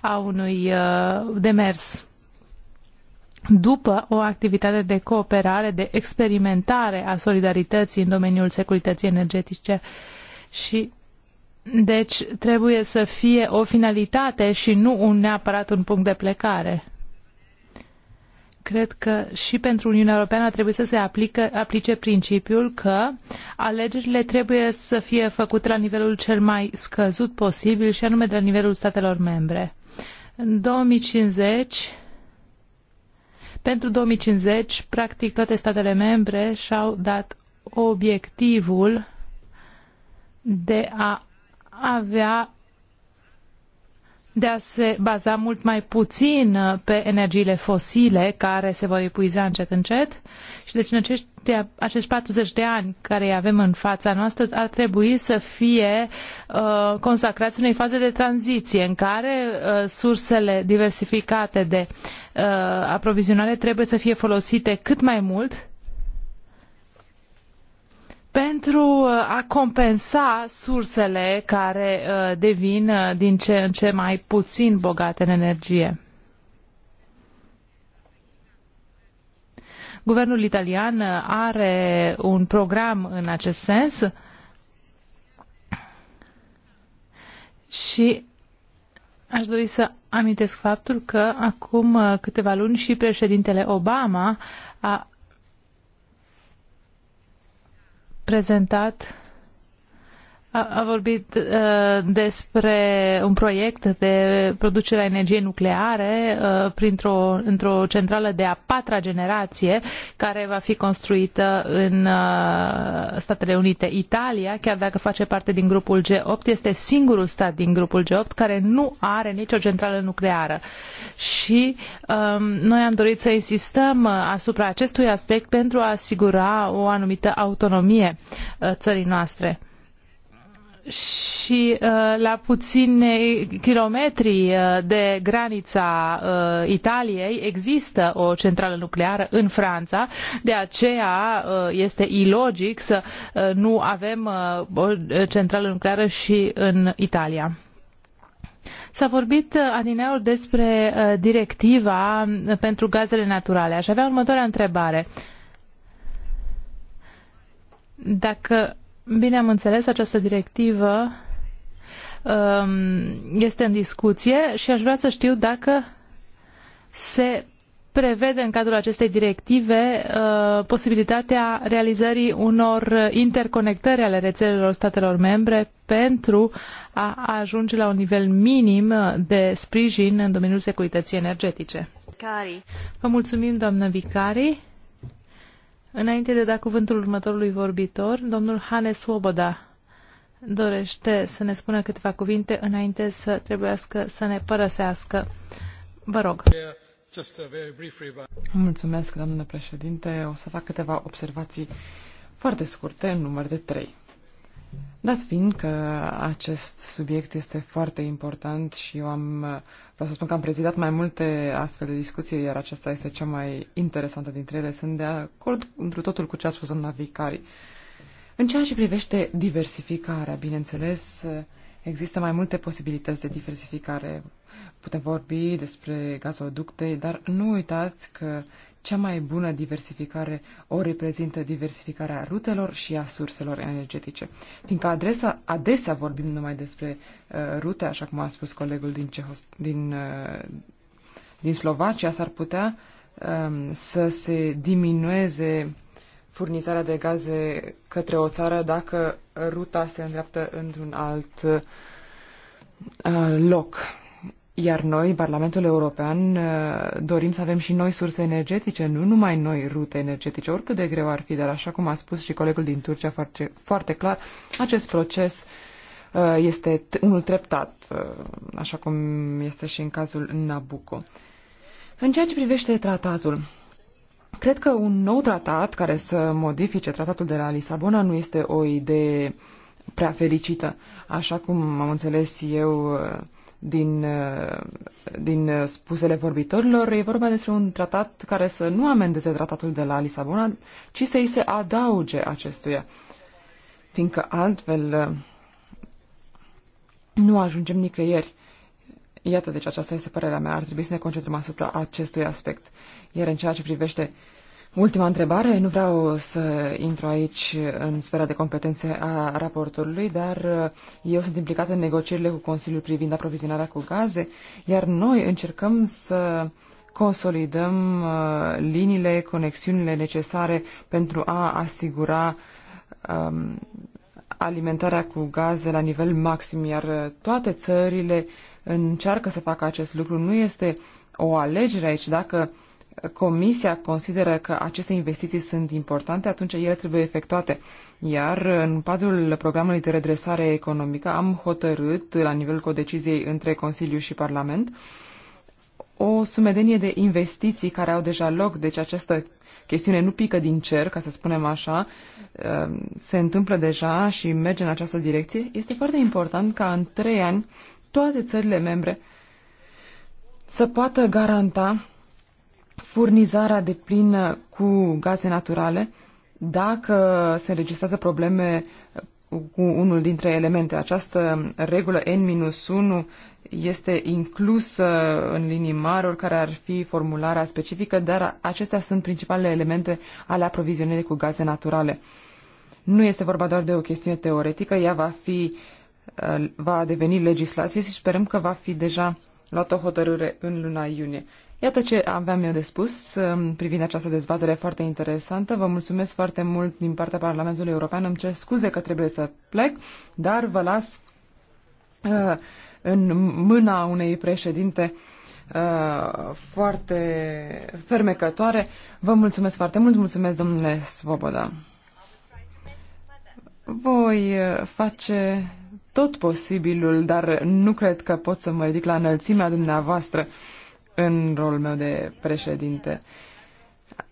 a unui uh, demers după o activitate de cooperare, de experimentare a solidarității în domeniul securității energetice și deci trebuie să fie o finalitate și nu un neapărat un punct de plecare. Cred că și pentru Uniunea Europeană trebuie să se aplică, aplice principiul că alegerile trebuie să fie făcute la nivelul cel mai scăzut posibil și anume de la nivelul statelor membre. În 2050 pentru 2050, practic toate statele membre și-au dat obiectivul de a avea de a se baza mult mai puțin pe energiile fosile care se vor epuiza încet încet și deci în acești, acești 40 de ani care îi avem în fața noastră ar trebui să fie uh, consacrați unei faze de tranziție în care uh, sursele diversificate de uh, aprovizionare trebuie să fie folosite cât mai mult pentru uh, a compensa sursele care uh, devin uh, din ce în ce mai puțin bogate în energie. Guvernul italian are un program în acest sens și aș dori să amintesc faptul că acum câteva luni și președintele Obama a prezentat a, vorbit uh, despre un proiect de producere a energiei nucleare uh, printr-o într-o centrală de a patra generație care va fi construită în uh, Statele Unite. Italia, chiar dacă face parte din grupul G8, este singurul stat din grupul G8 care nu are nicio centrală nucleară. Și um, noi am dorit să insistăm uh, asupra acestui aspect pentru a asigura o anumită autonomie uh, țării noastre și uh, la puțini kilometri uh, de granița uh, Italiei există o centrală nucleară în Franța, de aceea este ilogic să nu avem o centrală nucleară și în Italia. S-a vorbit adineauri despre directiva pentru gazele naturale. Aș avea următoarea întrebare. Dacă bine am înțeles, această directivă um, este în discuție și aș vrea să știu dacă se prevede în cadrul acestei directive uh, posibilitatea realizării unor interconectări ale rețelelor statelor membre pentru a ajunge la un nivel minim de sprijin în domeniul securității energetice. Vă mulțumim, doamnă Vicari. Înainte de da cuvântul următorului vorbitor, domnul Hane Swoboda dorește să ne spună câteva cuvinte înainte să trebuiască să ne părăsească. Vă rog. Mulțumesc, domnule președinte. O să fac câteva observații foarte scurte, în număr de trei. Dat fiind că acest subiect este foarte important și eu am Vreau să spun că am prezidat mai multe astfel de discuții, iar aceasta este cea mai interesantă dintre ele. Sunt de acord întru totul cu ce a spus doamna Vicari. În ceea ce privește diversificarea, bineînțeles, există mai multe posibilități de diversificare. Putem vorbi despre gazoducte, dar nu uitați că cea mai bună diversificare o reprezintă diversificarea rutelor și a surselor energetice. Fiindcă adresa, adesea vorbim numai despre uh, rute, așa cum a spus colegul din, Cehos, din, uh, din Slovacia, s-ar putea um, să se diminueze furnizarea de gaze către o țară dacă ruta se îndreaptă într-un alt uh, loc. Iar noi, Parlamentul European, uh, dorim să avem și noi surse energetice, nu numai noi rute energetice, oricât de greu ar fi, dar așa cum a spus și colegul din Turcia foarte, foarte clar, acest proces uh, este unul treptat, uh, așa cum este și în cazul Nabucco. În ceea ce privește tratatul, cred că un nou tratat care să modifice tratatul de la Lisabona nu este o idee prea fericită. Așa cum am înțeles eu din, uh, din uh, spusele vorbitorilor, e vorba despre un tratat care să nu amendeze tratatul de la Lisabona, ci să i se adauge acestuia. Fiindcă altfel uh, nu ajungem nicăieri. Iată, deci aceasta este părerea mea. Ar trebui să ne concentrăm asupra acestui aspect. Iar în ceea ce privește uh, Ultima întrebare, nu vreau să intru aici în sfera de competențe a raportorului, dar uh, eu sunt implicată în negocierile cu Consiliul privind aprovizionarea cu gaze, iar noi încercăm să consolidăm uh, liniile, conexiunile necesare pentru a asigura um, alimentarea cu gaze la nivel maxim, iar uh, toate țările încearcă să facă acest lucru. Nu este o alegere aici dacă uh, Comisia consideră că aceste investiții sunt importante, atunci ele trebuie efectuate. Iar în cadrul programului de redresare economică am hotărât, la nivelul codeciziei între Consiliu și Parlament, o sumedenie de investiții care au deja loc, deci această chestiune nu pică din cer, ca să spunem așa, ehm, se întâmplă deja și merge în această direcție, este foarte important ca în trei ani toate țările membre să poată garanta furnizarea de plină cu gaze naturale dacă se înregistrează probleme uh, cu unul dintre elemente. Această regulă N-1 este inclusă în linii mari, oricare ar fi formularea specifică, dar acestea sunt principalele elemente ale aprovizionării cu gaze naturale. Nu este vorba doar de o chestiune teoretică, ea va fi uh, va deveni legislație și sperăm că va fi deja luat o hotărâre în luna iunie. Iată ce aveam eu de spus um, privind această dezbatere foarte interesantă. Vă mulțumesc foarte mult din partea Parlamentului European. Îmi cer scuze că trebuie să plec, dar vă las uh, în mâna unei președinte uh, foarte fermecătoare. Vă mulțumesc foarte mult. Mulțumesc, domnule Svoboda. Voi uh, face tot posibilul, dar nu cred că pot să mă ridic la înălțimea dumneavoastră în rolul meu de președinte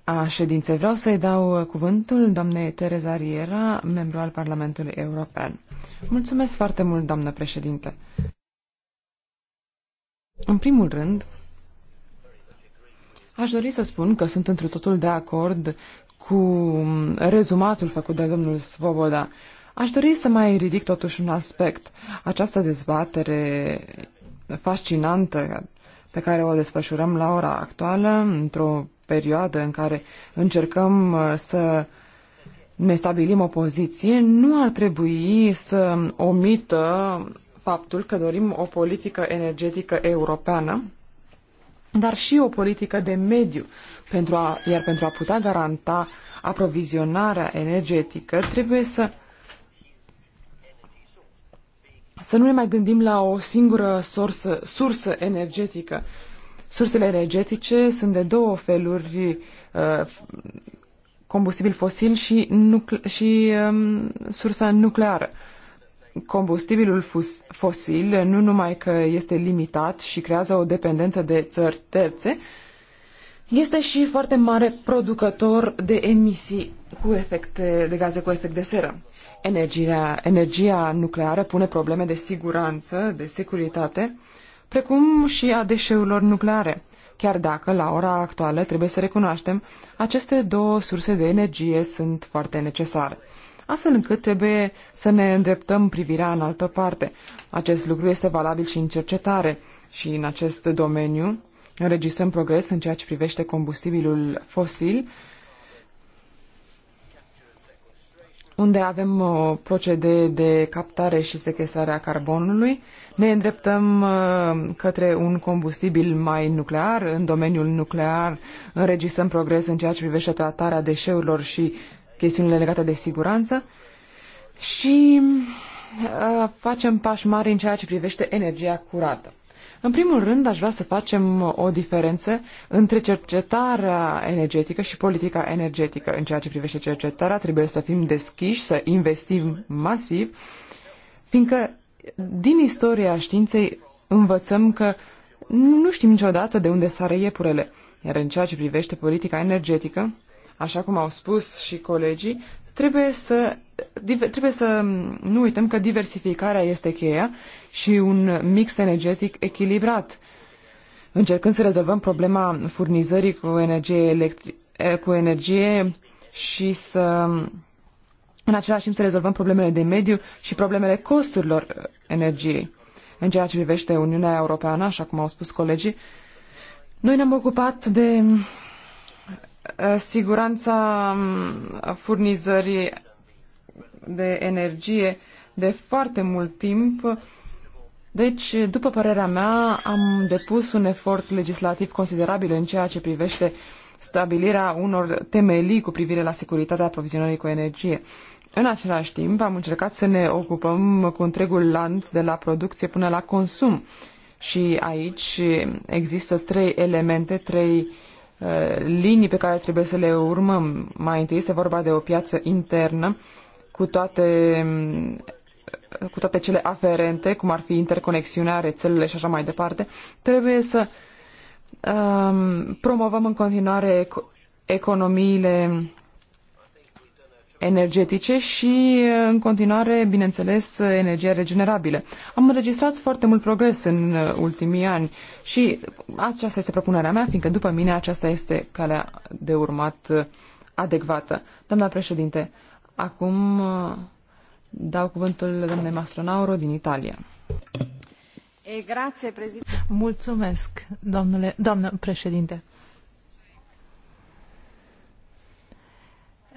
a ședinței. Vreau să-i dau cuvântul doamnei Tereza Riera, membru al Parlamentului European. Mulțumesc foarte mult, doamnă președinte. În primul rând, aș dori să spun că sunt într totul de acord cu rezumatul făcut de domnul Svoboda. Aș dori să mai ridic totuși un aspect. Această dezbatere fascinantă pe care o desfășurăm la ora actuală, într-o perioadă în care încercăm uh, să ne stabilim o poziție, nu ar trebui să omită faptul că dorim o politică energetică europeană, dar și o politică de mediu. Pentru a, iar pentru a putea garanta aprovizionarea energetică, trebuie să să nu ne mai gândim la o singură sursă, sursă energetică. Sursele energetice sunt de două feluri, uh, combustibil fosil și, nucle- și um, sursa nucleară. Combustibilul fosil nu numai că este limitat și creează o dependență de țări terțe, uh, este și foarte mare producător de emisii cu efecte de gaze cu efect de seră. Energia, energia nucleară pune probleme de siguranță, de securitate, precum și a deșeurilor nucleare. Chiar dacă, la ora actuală, trebuie să recunoaștem, aceste două surse de energie sunt foarte necesare astfel încât trebuie să ne îndreptăm privirea în altă parte. Acest lucru este valabil și în cercetare și în acest domeniu înregistrăm progres în ceea ce privește combustibilul fosil, unde avem uh, procedee de captare și sequestrare a carbonului. Ne îndreptăm uh, către un combustibil mai nuclear. În domeniul nuclear înregistrăm progres în ceea ce privește tratarea deșeurilor și chestiunile legate de siguranță. Și uh, facem pași mari în ceea ce privește energia curată. În primul rând, aș vrea să facem o diferență între cercetarea energetică și politica energetică. În ceea ce privește cercetarea, trebuie să fim deschiși, să investim masiv, fiindcă din istoria științei învățăm că nu știm niciodată de unde sare iepurele. Iar în ceea ce privește politica energetică, așa cum au spus și colegii, Trebuie să, trebuie să nu uităm că diversificarea este cheia și un mix energetic echilibrat. Încercând să rezolvăm problema furnizării cu energie, electri- eh, cu energie și să în același timp să rezolvăm problemele de mediu și problemele costurilor eh, energiei. În ceea ce privește Uniunea Europeană, așa cum au spus colegii, noi ne-am ocupat de Uh, siguranța um, furnizării de energie de foarte mult timp. Deci, după părerea mea, am depus un efort legislativ considerabil în ceea ce privește stabilirea unor temelii cu privire la securitatea aprovizionării cu energie. În același timp, am încercat să ne ocupăm cu întregul lanț de la producție până la consum. Și aici există trei elemente, trei uh, Uh, linii pe care trebuie să le urmăm. Mai întâi este vorba de o piață internă cu toate, mm, cu toate cele aferente, cum ar fi interconexiunea, rețelele și așa mai departe. Trebuie să um, promovăm în continuare economiile energetice și, uh, în continuare, bineînțeles, uh, energia regenerabilă. Am înregistrat foarte mult progres în uh, ultimii ani și aceasta este propunerea mea, fiindcă, după mine, aceasta este calea de urmat adecvată. Doamna președinte, acum dau cuvântul doamnei Mastronauro din Italia. E, grație, Mulțumesc, domnule, doamnă președinte.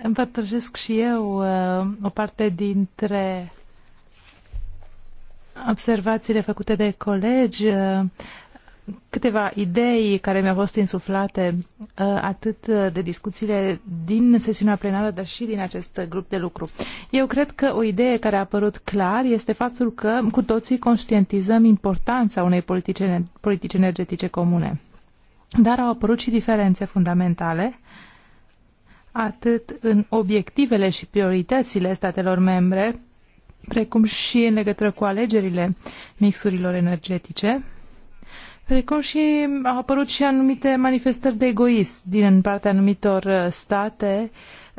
Împărtășesc și eu uh, o parte dintre observațiile făcute de colegi, uh, câteva idei care mi-au fost insuflate uh, atât de discuțiile din sesiunea plenară, dar și din acest grup de lucru. Eu cred că o idee care a apărut clar este faptul că cu toții conștientizăm importanța unei politici, politici energetice comune. Dar au apărut și diferențe fundamentale uh, atât în obiectivele și prioritățile statelor membre, precum și în legătură cu alegerile mixurilor energetice, precum și au apărut și anumite manifestări de egoism din partea anumitor uh, state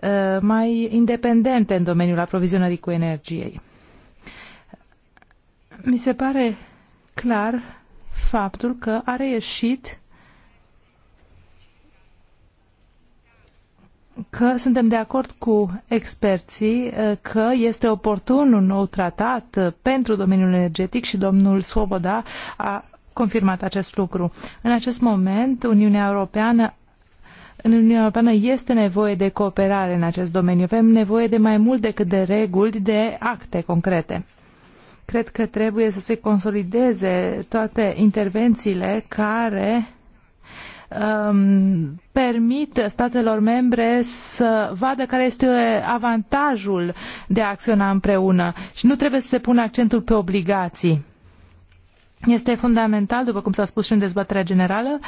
uh, mai independente în domeniul aprovizionării cu energiei. Mi se pare clar faptul că a reieșit că suntem de acord cu experții uh, că este oportun un nou tratat uh, pentru domeniul energetic și domnul Svoboda a confirmat acest lucru. În acest moment, Uniunea Europeană în Uniunea Europeană este nevoie de cooperare în acest domeniu. Avem nevoie de mai mult decât de reguli, de acte concrete. Cred că trebuie să se consolideze toate intervențiile care um, permit statelor membre să vadă care este avantajul de a acționa împreună și nu trebuie să se pună accentul pe obligații. Este fundamental, după cum s-a spus și în dezbaterea generală,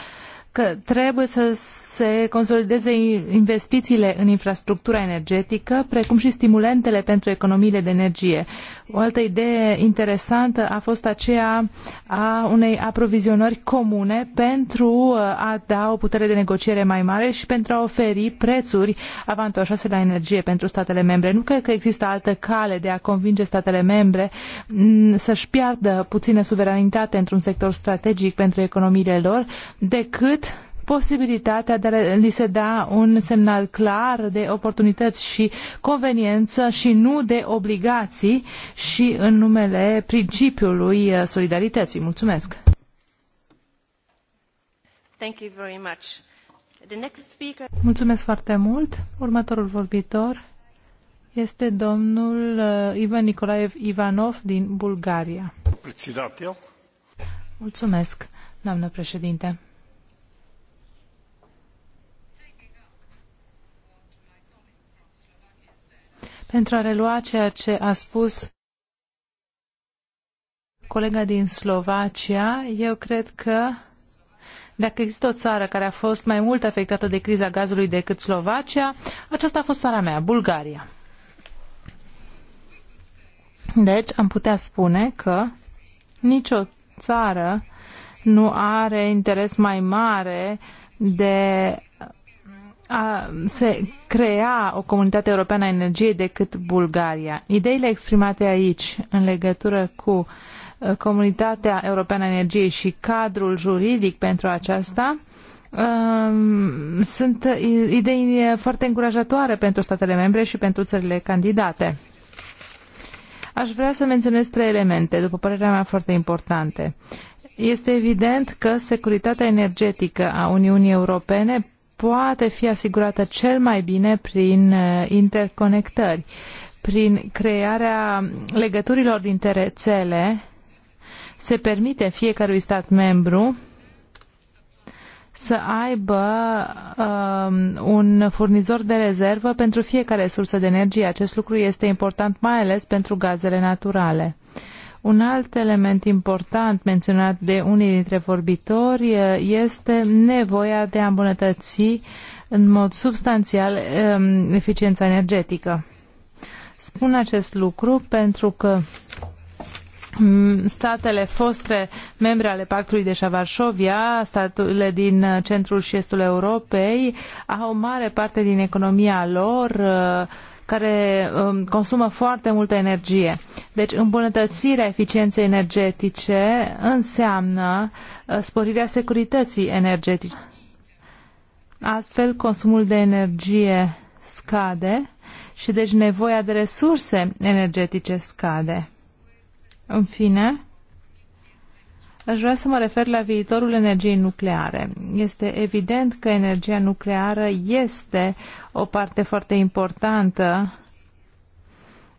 că trebuie să se consolideze investițiile în infrastructura energetică, precum și stimulentele pentru economiile de energie. O altă idee interesantă a fost aceea a unei aprovizionări comune pentru uh, a da o putere de negociere mai mare și pentru a oferi prețuri avantajoase la energie pentru statele membre. Nu cred că există altă cale de a convinge statele membre mm, să-și piardă puțină suveranitate într-un sector strategic pentru economiile lor decât posibilitatea de a li se da un semnal clar de oportunități și conveniență și nu de obligații și în numele principiului uh, solidarității. Mulțumesc! Thank you very much. The next speaker... Mulțumesc foarte mult. Următorul vorbitor este domnul uh, Ivan Nicolaev Ivanov din Bulgaria. Mulțumesc, doamnă președinte. pentru a relua ceea ce a spus colega din Slovacia, eu cred că dacă există o țară care a fost mai mult afectată de criza gazului decât Slovacia, aceasta a fost țara mea, Bulgaria. Deci am putea spune că nicio țară nu are interes mai mare de a se crea o comunitate europeană a energiei decât Bulgaria. Ideile exprimate aici în legătură cu uh, comunitatea europeană a energiei și cadrul juridic pentru aceasta um, sunt idei uh, foarte încurajatoare pentru statele membre și pentru țările candidate. Aș vrea să menționez trei elemente, după părerea mea, foarte importante. Este evident că securitatea energetică a Uniunii Europene poate fi asigurată cel mai bine prin uh, interconectări, prin crearea legăturilor dintre rețele, se permite fiecărui stat membru să aibă um, un furnizor de rezervă pentru fiecare sursă de energie. Acest lucru este important mai ales pentru gazele naturale. Uh, un alt element important menționat de unii dintre vorbitori este nevoia de a îmbunătăți în mod substanțial um, eficiența energetică. Spun acest lucru pentru că statele fostre membre ale pactului de Șavarșovia, statele din uh, centrul și estul Europei, au o mare parte din economia lor uh, care um, consumă foarte multă energie. Deci îmbunătățirea eficienței energetice înseamnă uh, sporirea securității energetice. Astfel, consumul de energie scade și deci nevoia de resurse energetice scade. În fine, aș vrea să mă refer la viitorul energiei nucleare. Este evident că energia nucleară este o parte foarte importantă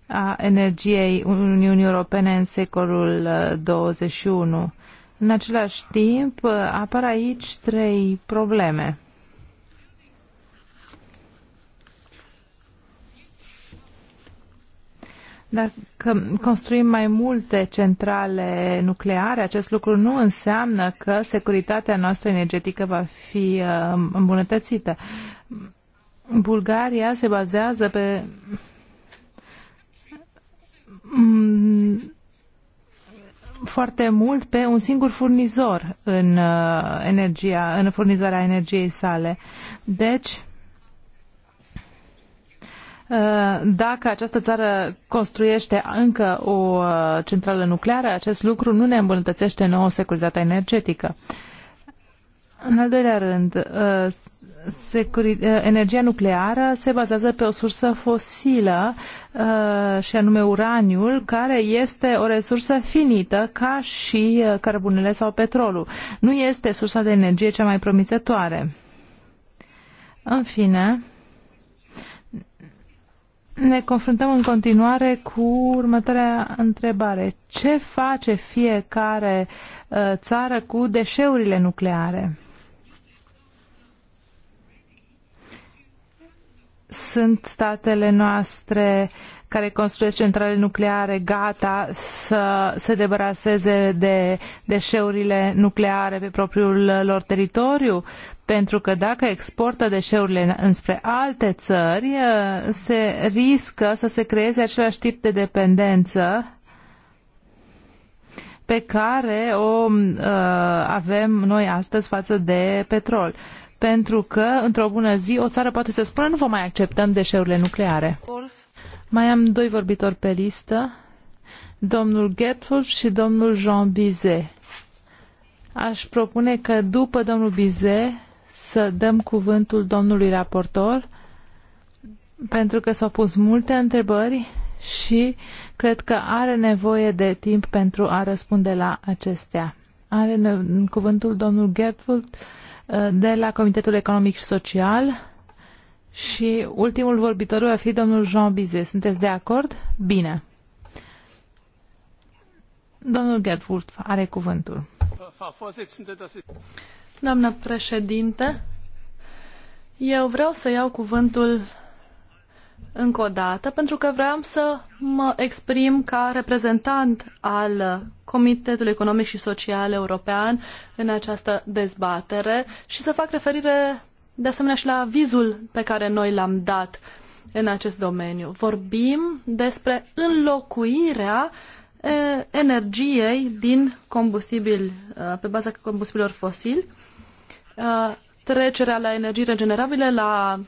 a energiei Uniunii Europene în secolul 21. Uh, în același timp, uh, apar aici trei probleme. Dacă construim mai multe centrale nucleare, acest lucru nu înseamnă că securitatea noastră energetică va fi uh, îmbunătățită. Bulgaria se bazează pe mm, foarte mult pe un singur furnizor în uh, energia, în furnizarea energiei sale. Deci, uh, dacă această țară construiește încă o uh, centrală nucleară, acest lucru nu ne îmbunătățește nouă securitatea energetică. În al doilea rând, Uh, energia nucleară se bazează pe o sursă fosilă uh, și anume uraniul, care este o resursă finită ca și uh, cărbunele sau petrolul. Nu este sursa de energie cea mai promițătoare. În fine, ne confruntăm în continuare cu următoarea întrebare. Ce face fiecare țară cu deșeurile nucleare? sunt statele noastre care construiesc centrale nucleare gata să se debaraseze de deșeurile nucleare pe propriul lor teritoriu? Pentru că dacă exportă deșeurile înspre alte țări, eh, se riscă să se creeze același tip de dependență pe care o uh, avem noi astăzi față de petrol. Uh, pentru că, într-o bună zi, o țară poate să spună nu vă mai acceptăm deșeurile nucleare. Wolf. Mai am doi vorbitori pe listă, domnul Gertful și domnul Jean Bizet. Aș propune că după domnul Bizet să dăm cuvântul domnului raportor, pentru că s-au pus multe întrebări și cred că are nevoie de timp pentru a răspunde la acestea. Are cuvântul domnul Gertfeld de la Comitetul Economic și Social și ultimul vorbitor va fi domnul Jean Bizet. Sunteți de acord? Bine. Domnul Gertfurt are cuvântul. Doamnă președinte, eu vreau să iau cuvântul încă o dată pentru că vreau să mă exprim ca reprezentant al Comitetului Economic și Social European în această dezbatere și să fac referire de asemenea și la vizul pe care noi l-am dat în acest domeniu. Vorbim despre înlocuirea energiei din combustibil, pe baza combustibilor fosili, trecerea la energii regenerabile, la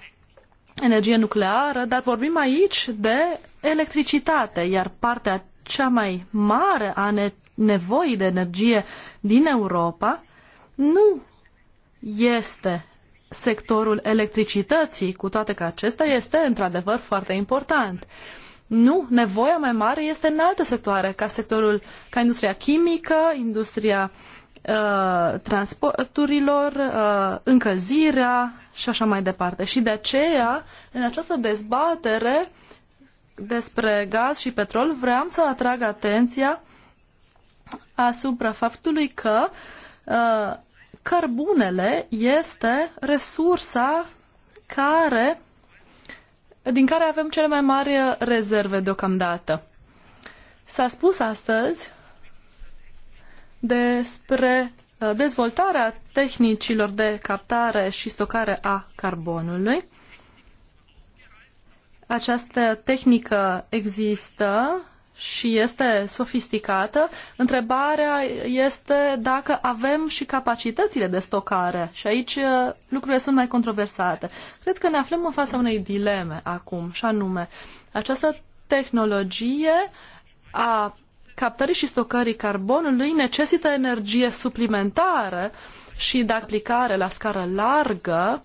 energie nucleară, dar vorbim aici de electricitate, iar partea cea mai mare a ne- nevoii de energie din Europa nu este sectorul electricității, cu toate că acesta este într-adevăr foarte important. Nu, nevoia mai mare este în alte sectoare, ca sectorul, ca industria chimică, industria uh, transporturilor, uh, încălzirea, și așa mai departe. Și de aceea, în această dezbatere despre gaz și petrol, vreau să atrag atenția asupra faptului că uh, cărbunele este resursa care, din care avem cele mai mari rezerve deocamdată. S-a spus astăzi despre Uh, dezvoltarea tehnicilor de captare și stocare a carbonului. Această tehnică există și este sofisticată. Întrebarea este dacă avem și capacitățile de stocare și aici uh, lucrurile sunt mai controversate. Cred că ne aflăm în fața unei dileme acum și anume această tehnologie a captării și stocării carbonului necesită energie suplimentară și de aplicare la scară largă,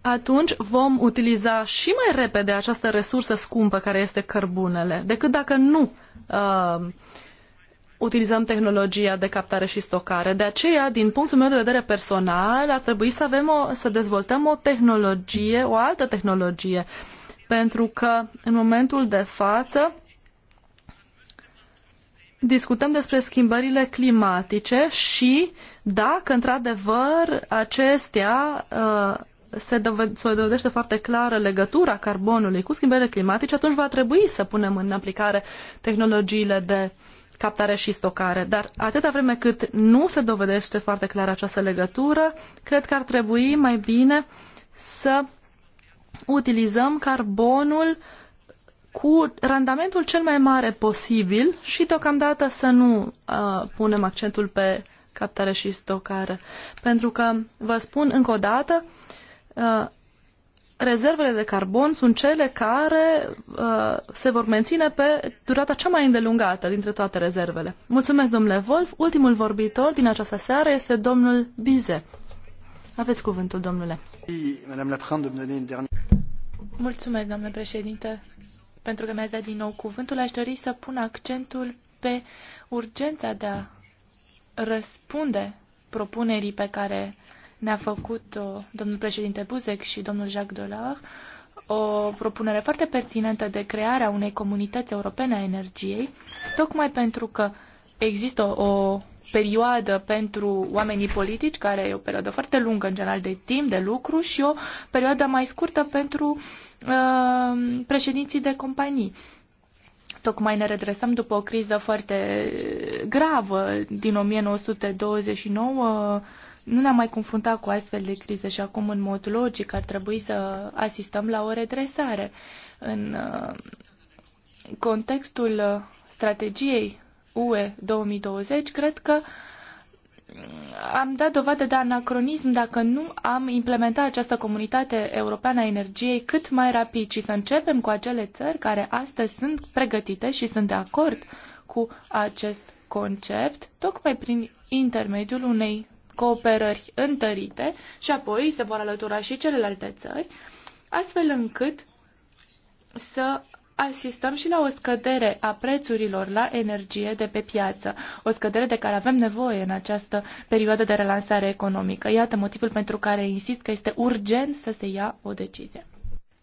atunci vom utiliza și mai repede această resursă scumpă care este cărbunele, decât dacă nu uh, utilizăm tehnologia de captare și stocare. De aceea, din punctul meu de vedere personal, ar trebui să, avem o, să dezvoltăm o tehnologie, o altă tehnologie, pentru că în momentul de față discutăm despre schimbările climatice și dacă, într-adevăr, acestea uh, se, dovedește foarte clară legătura carbonului cu schimbările climatice, atunci va trebui să punem în aplicare tehnologiile de captare și stocare. Dar atâta vreme cât nu se dovedește foarte clar această legătură, cred că ar trebui mai bine să utilizăm carbonul cu randamentul cel mai mare posibil și deocamdată să nu uh, punem accentul pe captare și stocare. Pentru că, vă spun încă o dată, uh, rezervele de carbon sunt cele care uh, se vor menține pe durata cea mai îndelungată dintre toate rezervele. Mulțumesc, domnule Wolf. Ultimul vorbitor din această seară este domnul Bize. Aveți cuvântul, domnule. Mulțumesc, domnule președinte pentru că mi-ați dat din nou cuvântul, aș dori să pun accentul pe urgența de a răspunde propunerii pe care ne-a făcut domnul președinte Buzek și domnul Jacques Delors, o propunere foarte pertinentă de crearea unei comunități europene a energiei, tocmai pentru că există o perioadă pentru oamenii politici, care e o perioadă foarte lungă în general de timp, de lucru și o perioadă mai scurtă pentru uh, Uh, președinții de companii. Tocmai ne redresăm după o criză foarte gravă din 1929. Nu ne-am mai confruntat cu astfel de crize și acum, în mod logic, ar trebui să asistăm la o redresare. În uh, contextul uh, strategiei UE 2020, cred că uh, am dat dovadă de anacronism dacă nu am implementat această comunitate europeană a energiei cât mai rapid și să începem cu acele țări care astăzi sunt pregătite și sunt de acord cu acest concept, tocmai prin intermediul unei cooperări întărite și apoi se vor alătura și celelalte țări, astfel încât să asistăm și la o scădere a prețurilor la energie de pe piață, o scădere de care avem nevoie în această perioadă de relansare economică. Iată motivul pentru care insist că este urgent să se ia o decizie.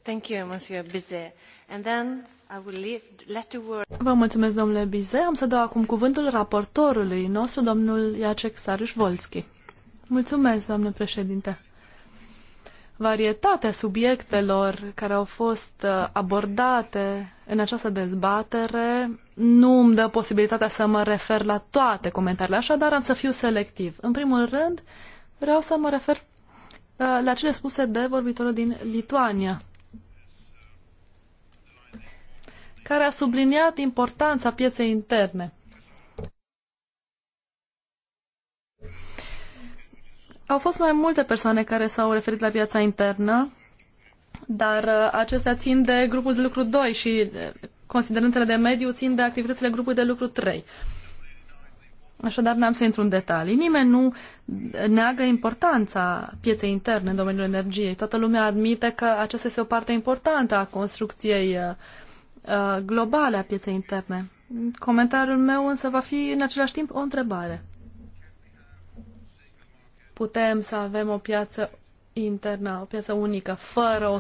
Thank you, Monsieur Bizet. And then I will leave, let the word... Vă mulțumesc, domnule Bizet. Am să dau acum cuvântul raportorului nostru, domnul Iacek sariș Mulțumesc, domnule președinte varietatea subiectelor care au fost uh, abordate în această dezbatere nu îmi dă posibilitatea să mă refer la toate comentariile, așadar am să fiu selectiv. În primul rând, vreau să mă refer uh, la cele spuse de vorbitorul din Lituania, care a subliniat importanța pieței interne. Au fost mai multe persoane care s-au referit la piața internă, dar uh, acestea țin de grupul de lucru 2 și uh, considerentele de mediu țin de activitățile grupului de lucru 3. Așadar, n-am să intru în detalii. Nimeni nu neagă importanța pieței interne în domeniul energiei. Toată lumea admite că aceasta este o parte importantă a construcției uh, globale a pieței interne. Comentariul meu însă va fi în același timp o întrebare putem să avem o piață internă, o piață unică, fără o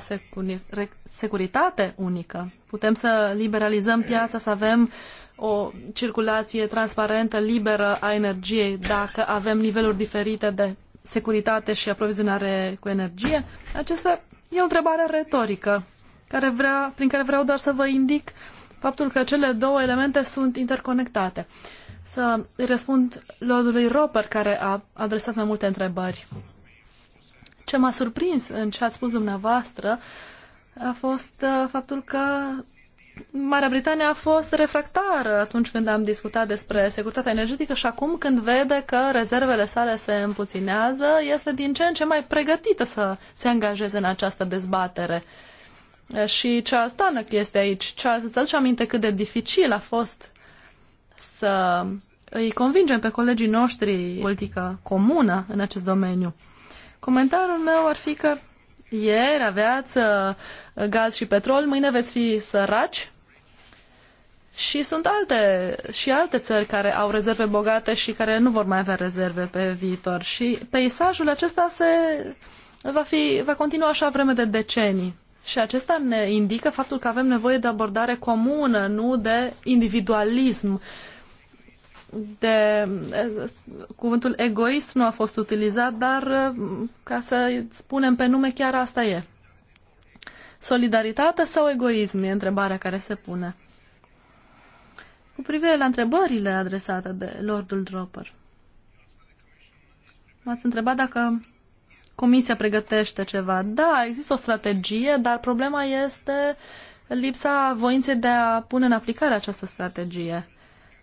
securitate unică. Putem să liberalizăm piața, să avem o circulație transparentă, liberă a energiei, dacă avem niveluri diferite de securitate și aprovizionare cu energie? Acesta e o întrebare retorică care vrea, prin care vreau doar să vă indic faptul că cele două elemente sunt interconectate. Uh, să răspund lordului Roper, care a adresat mai multe întrebări. Ce m-a surprins în ce ați spus dumneavoastră a fost uh, faptul că Marea Britanie a fost refractară atunci când am discutat despre securitatea energetică și acum când vede că rezervele sale se împuținează, este din ce în ce mai pregătită să se angajeze în această dezbatere. Uh, și Charles Tannock este aici. Charles, îți aduce aminte cât de dificil a fost să îi convingem pe colegii noștri politică comună în acest domeniu. Comentariul meu ar fi că ieri aveați uh, gaz și petrol, mâine veți fi săraci și sunt alte, și alte țări care au rezerve bogate și care nu vor mai avea rezerve pe viitor. Și peisajul acesta se, va, fi, va continua așa vreme de decenii. Și acesta ne indică faptul că avem nevoie de abordare comună, nu de individualism. De, cuvântul egoist nu a fost utilizat, dar ca să spunem pe nume, chiar asta e. Solidaritate sau egoism e întrebarea care se pune. Cu privire la întrebările adresate de Lordul Dropper, m-ați întrebat dacă Comisia pregătește ceva. Da, există o strategie, dar problema este lipsa voinței de a pune în aplicare această strategie.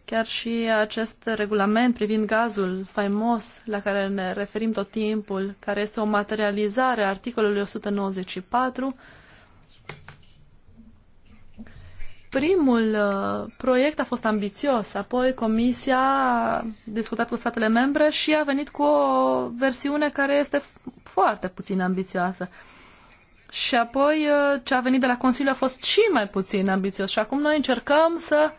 Chiar și acest regulament privind gazul faimos la care ne referim tot timpul, care este o materializare a articolului 194, Primul uh, proiect a fost ambițios, apoi Comisia a discutat cu statele membre și a venit cu o versiune care este foarte puțin ambițioasă. Și apoi uh, ce a venit de la Consiliu a fost și mai puțin ambițios și acum noi încercăm să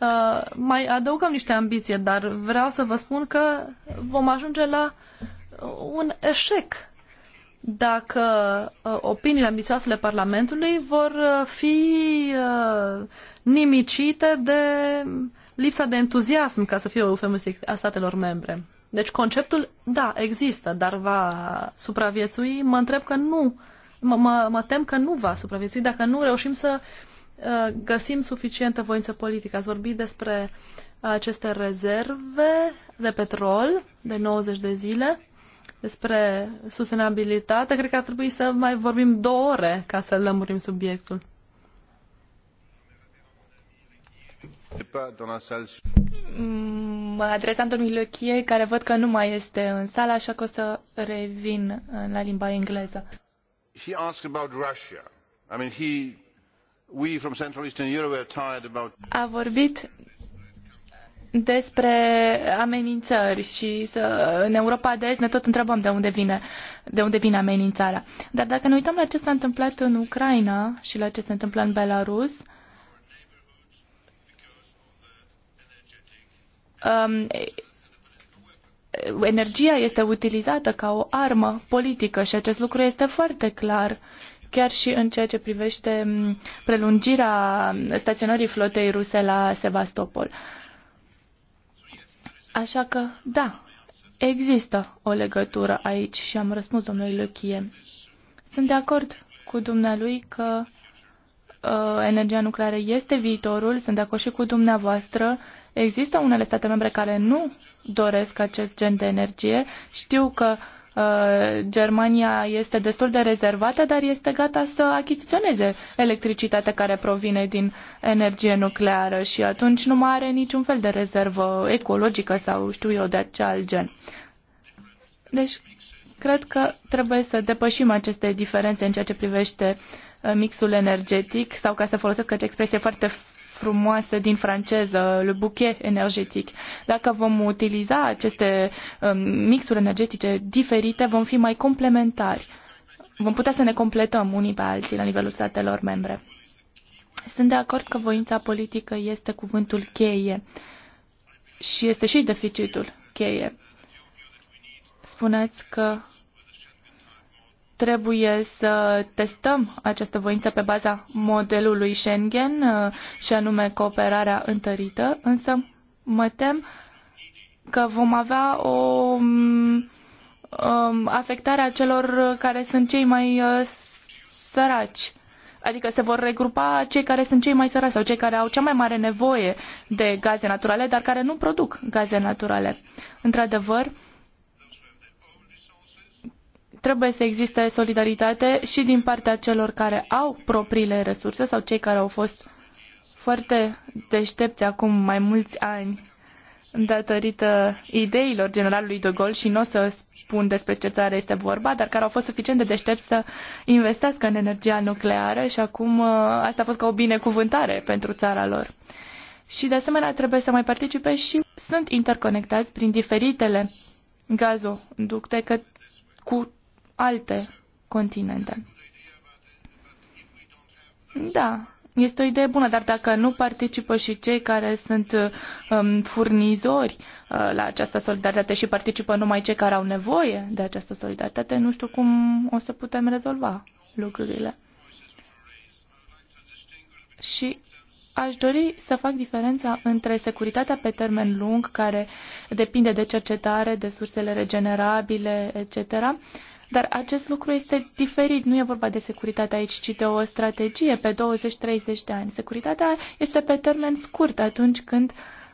Uh, mai adăugăm niște ambiție, dar vreau să vă spun că vom ajunge la un eșec dacă uh, opiniile ambițioase ale Parlamentului vor uh, fi uh, nimicite de lipsa de entuziasm, ca să fie o eufemistic, a statelor membre. Deci conceptul, da, există, dar va supraviețui. Mă întreb că nu, mă, mă, mă tem că nu va supraviețui dacă nu reușim să uh, găsim suficientă voință politică. Ați vorbit despre aceste rezerve de petrol de 90 de zile despre sustenabilitate, cred că ar trebui să mai vorbim două ore ca să lămurim subiectul. Mă adresam domnului Lechie, care văd că nu mai este în sală, așa că o să revin la limba engleză. He asked about Russia. I mean, he, we from Central Eastern Europe are tired about... A vorbit despre amenințări și să, în Europa de Est ne tot întrebăm de unde vine de unde vine amenințarea. Dar dacă ne uităm la ce s-a întâmplat în Ucraina și la ce se întâmplă în Belarus, um, energia este utilizată ca o armă politică și acest lucru este foarte clar chiar și în ceea ce privește prelungirea staționării flotei ruse la Sevastopol. Uh, Așa că, da, există o legătură aici și am răspuns domnului Lăchie. Sunt de acord cu dumnealui că uh, energia nucleară este viitorul, sunt de acord și cu dumneavoastră. Există unele state membre care nu doresc acest gen de energie. Știu că uh, Uh, Germania este destul de rezervată, dar este gata să achiziționeze electricitatea care provine din energie nucleară și atunci nu mai are niciun fel de rezervă ecologică sau știu eu de ce gen. Deci, cred că trebuie să depășim aceste diferențe în ceea ce privește uh, mixul energetic sau ca să folosesc această expresie foarte frumoasă din franceză, le bouquet energetic. Dacă vom utiliza aceste um, mixuri energetice diferite, vom fi mai complementari. Vom putea să ne completăm unii pe alții la nivelul statelor membre. Sunt de acord că voința politică este cuvântul cheie și este și deficitul cheie. Spuneți că Trebuie să testăm această voință pe baza modelului Schengen uh, și anume cooperarea întărită, însă mă tem că vom avea o mm, um, afectare a celor care sunt cei mai uh, săraci. Adică se vor regrupa cei care sunt cei mai săraci sau cei care au cea mai mare nevoie de gaze naturale, dar care nu produc gaze naturale. Într-adevăr, trebuie să existe solidaritate și din partea celor care au propriile resurse sau cei care au fost foarte deștepți acum mai mulți ani datorită ideilor generalului de Gaulle și nu o să spun despre ce țară este vorba, dar care au fost suficient de deștepți să investească în energia nucleară și acum uh, asta a fost ca o binecuvântare pentru țara lor. Și de asemenea trebuie să mai participe și sunt interconectați prin diferitele gazoducte că, cu alte continente. Da, este o idee bună, dar dacă nu participă și cei care sunt um, furnizori uh, la această solidaritate și participă numai cei care au nevoie de această solidaritate, nu știu cum o să putem rezolva lucrurile. Și aș dori să fac diferența între securitatea pe termen lung, care depinde de cercetare, de sursele regenerabile, etc., dar acest lucru este diferit. Nu e vorba de securitate aici, ci de o strategie pe 20-30 de ani. Securitatea este pe termen scurt atunci când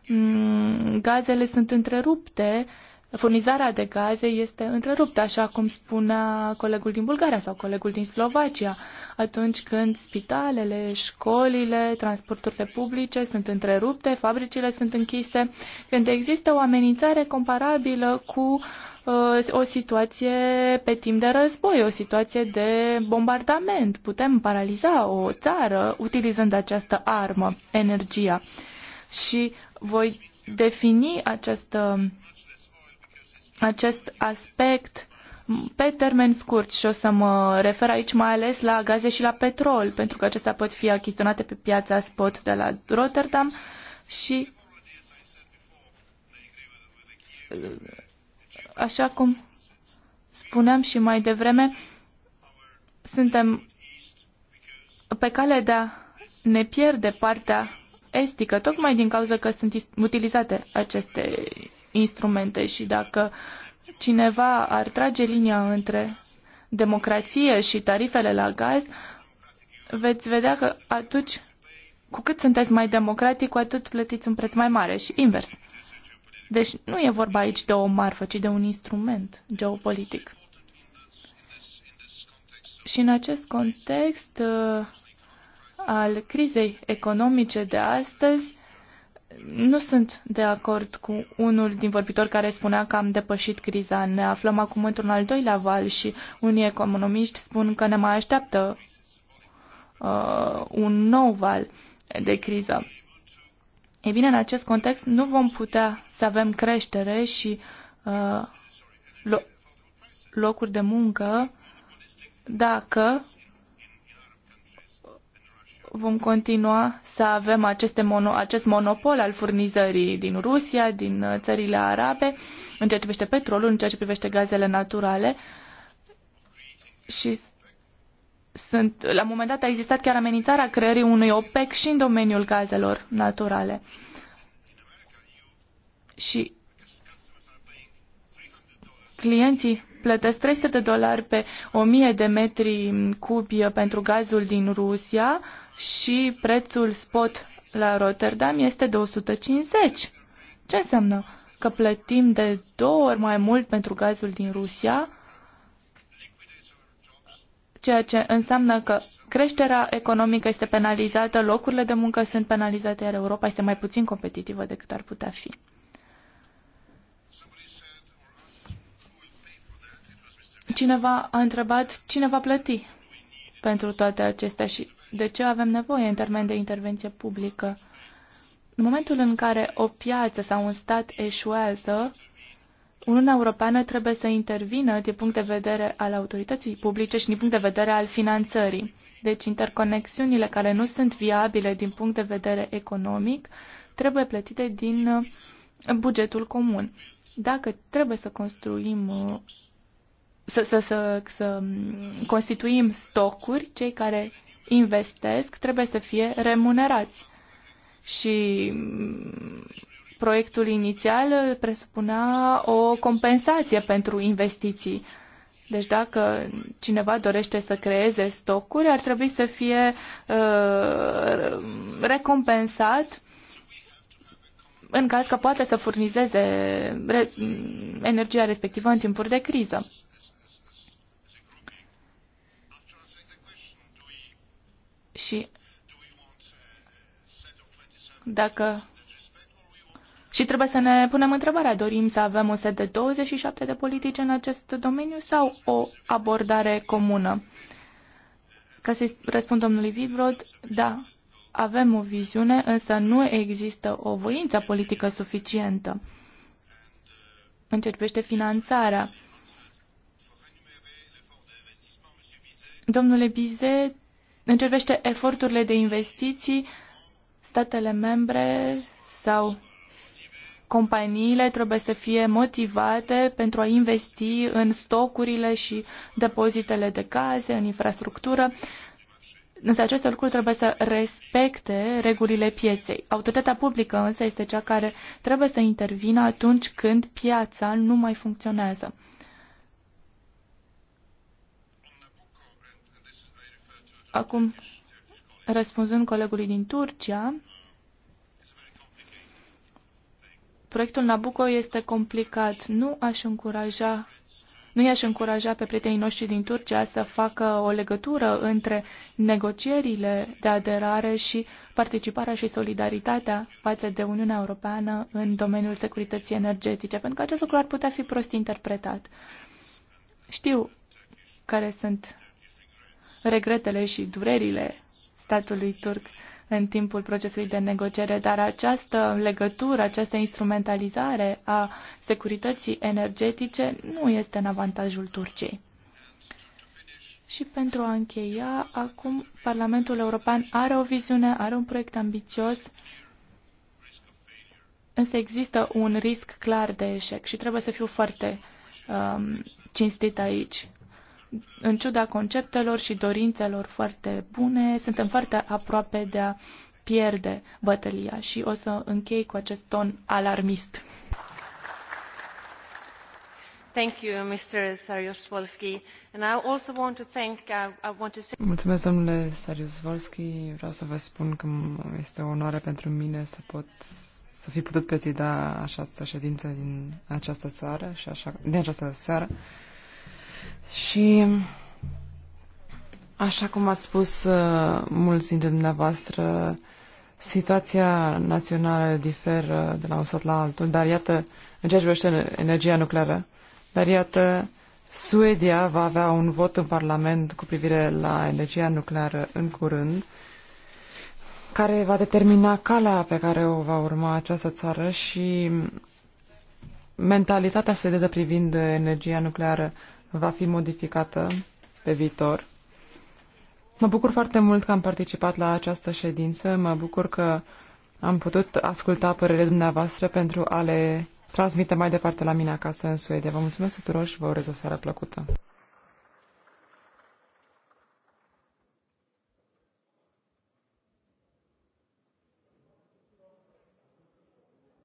mm, gazele sunt întrerupte, furnizarea de gaze este întreruptă, așa cum spunea colegul din Bulgaria sau colegul din Slovacia, atunci când spitalele, școlile, transporturile publice sunt întrerupte, fabricile sunt închise, când există o amenințare comparabilă cu Uh, o situație pe timp de război, o situație de bombardament. Putem paraliza o țară utilizând această armă, energia. Și voi defini această, uh, acest aspect pe termen scurt și o să mă refer aici mai ales la gaze și la petrol, pentru că acestea pot fi achiziționate pe piața spot de la Rotterdam și uh, Așa cum spuneam și mai devreme, suntem pe cale de a ne pierde partea estică, tocmai din cauza că sunt utilizate aceste instrumente și dacă cineva ar trage linia între democrație și tarifele la gaz, veți vedea că atunci, cu cât sunteți mai democratic, cu atât plătiți un preț mai mare și invers. Deci nu e vorba aici de o marfă, ci de un instrument geopolitic. Și în acest context uh, al crizei economice de astăzi, nu sunt de acord cu unul din vorbitori care spunea că am depășit criza. Ne aflăm acum într-un al doilea val și unii economiști spun că ne mai așteaptă uh, un nou val de criză. E bine, în acest context nu vom putea să avem creștere și uh, lo locuri de muncă dacă vom continua să avem aceste mono, acest monopol al furnizării din Rusia, din uh, țările arabe, în ceea ce privește petrolul, în ceea ce privește gazele naturale și sunt, la un moment dat a existat chiar amenințarea creării unui OPEC și în domeniul gazelor naturale. Și clienții plătesc 300 de dolari pe 1000 de metri cubi pentru gazul din Rusia și prețul spot la Rotterdam este de Ce înseamnă? Că plătim de două ori mai mult pentru gazul din Rusia ceea ce înseamnă că creșterea economică este penalizată, locurile de muncă sunt penalizate, iar Europa este mai puțin competitivă decât ar putea fi. Cineva a întrebat cine va plăti pentru toate acestea și de ce avem nevoie în termen de intervenție publică. În momentul în care o piață sau un stat eșuează, Uniunea Europeană trebuie să intervină din punct de vedere al autorității publice și din punct de vedere al finanțării. Deci interconexiunile care nu sunt viabile din punct de vedere economic trebuie plătite din uh, bugetul comun. Dacă trebuie să construim uh, să, să, să, să um, constituim stocuri, cei care investesc trebuie să fie remunerați. Și um, proiectul inițial presupunea o compensație pentru investiții. Deci dacă cineva dorește să creeze stocuri, ar trebui să fie uh, recompensat în caz că poate să furnizeze re- energia respectivă în timpuri de criză. Și dacă și trebuie să ne punem întrebarea, dorim să avem un set de 27 de politici în acest domeniu sau o abordare comună? Ca să-i răspund domnului Vibrod, da, avem o viziune, însă nu există o voință politică suficientă. În ce privește finanțarea, domnule Bize, în ce privește eforturile de investiții, statele membre sau companiile trebuie să fie motivate pentru a investi în stocurile și depozitele de case, în infrastructură. Însă aceste lucruri trebuie să respecte regulile pieței. Autoritatea publică însă este cea care trebuie să intervină atunci când piața nu mai funcționează. Acum, răspunzând colegului din Turcia, Proiectul Nabucco este complicat. Nu aș încuraja nu i-aș încuraja pe prietenii noștri din Turcia să facă o legătură între negocierile de aderare și participarea și solidaritatea față de Uniunea Europeană în domeniul securității energetice, pentru că acest lucru ar putea fi prost interpretat. Știu care sunt regretele și durerile statului turc în timpul procesului de negociere, dar această legătură, această instrumentalizare a securității energetice nu este în avantajul Turciei. Și pentru a încheia, acum Parlamentul European are o viziune, are un proiect ambițios, însă există un risc clar de eșec și trebuie să fiu foarte um, cinstit aici în ciuda conceptelor și dorințelor foarte bune, suntem foarte aproape de a pierde bătălia și o să închei cu acest ton alarmist. Mulțumesc, domnule Sariuszwolski. Vreau să vă spun că este o onoare pentru mine să pot să fi putut prezida această ședință din această țară și așa, din această seară. Și așa cum ați spus uh, mulți dintre dumneavoastră, situația națională diferă de la un stat la altul, dar iată, în ceea ce privește energia nucleară, dar iată, Suedia va avea un vot în Parlament cu privire la energia nucleară în curând, care va determina calea pe care o va urma această țară și mentalitatea suedeză privind energia nucleară va fi modificată pe viitor. Mă bucur foarte mult că am participat la această ședință, mă bucur că am putut asculta părerile dumneavoastră pentru a le transmite mai departe la mine acasă în Suedia. Vă mulțumesc tuturor și vă urez o seară plăcută.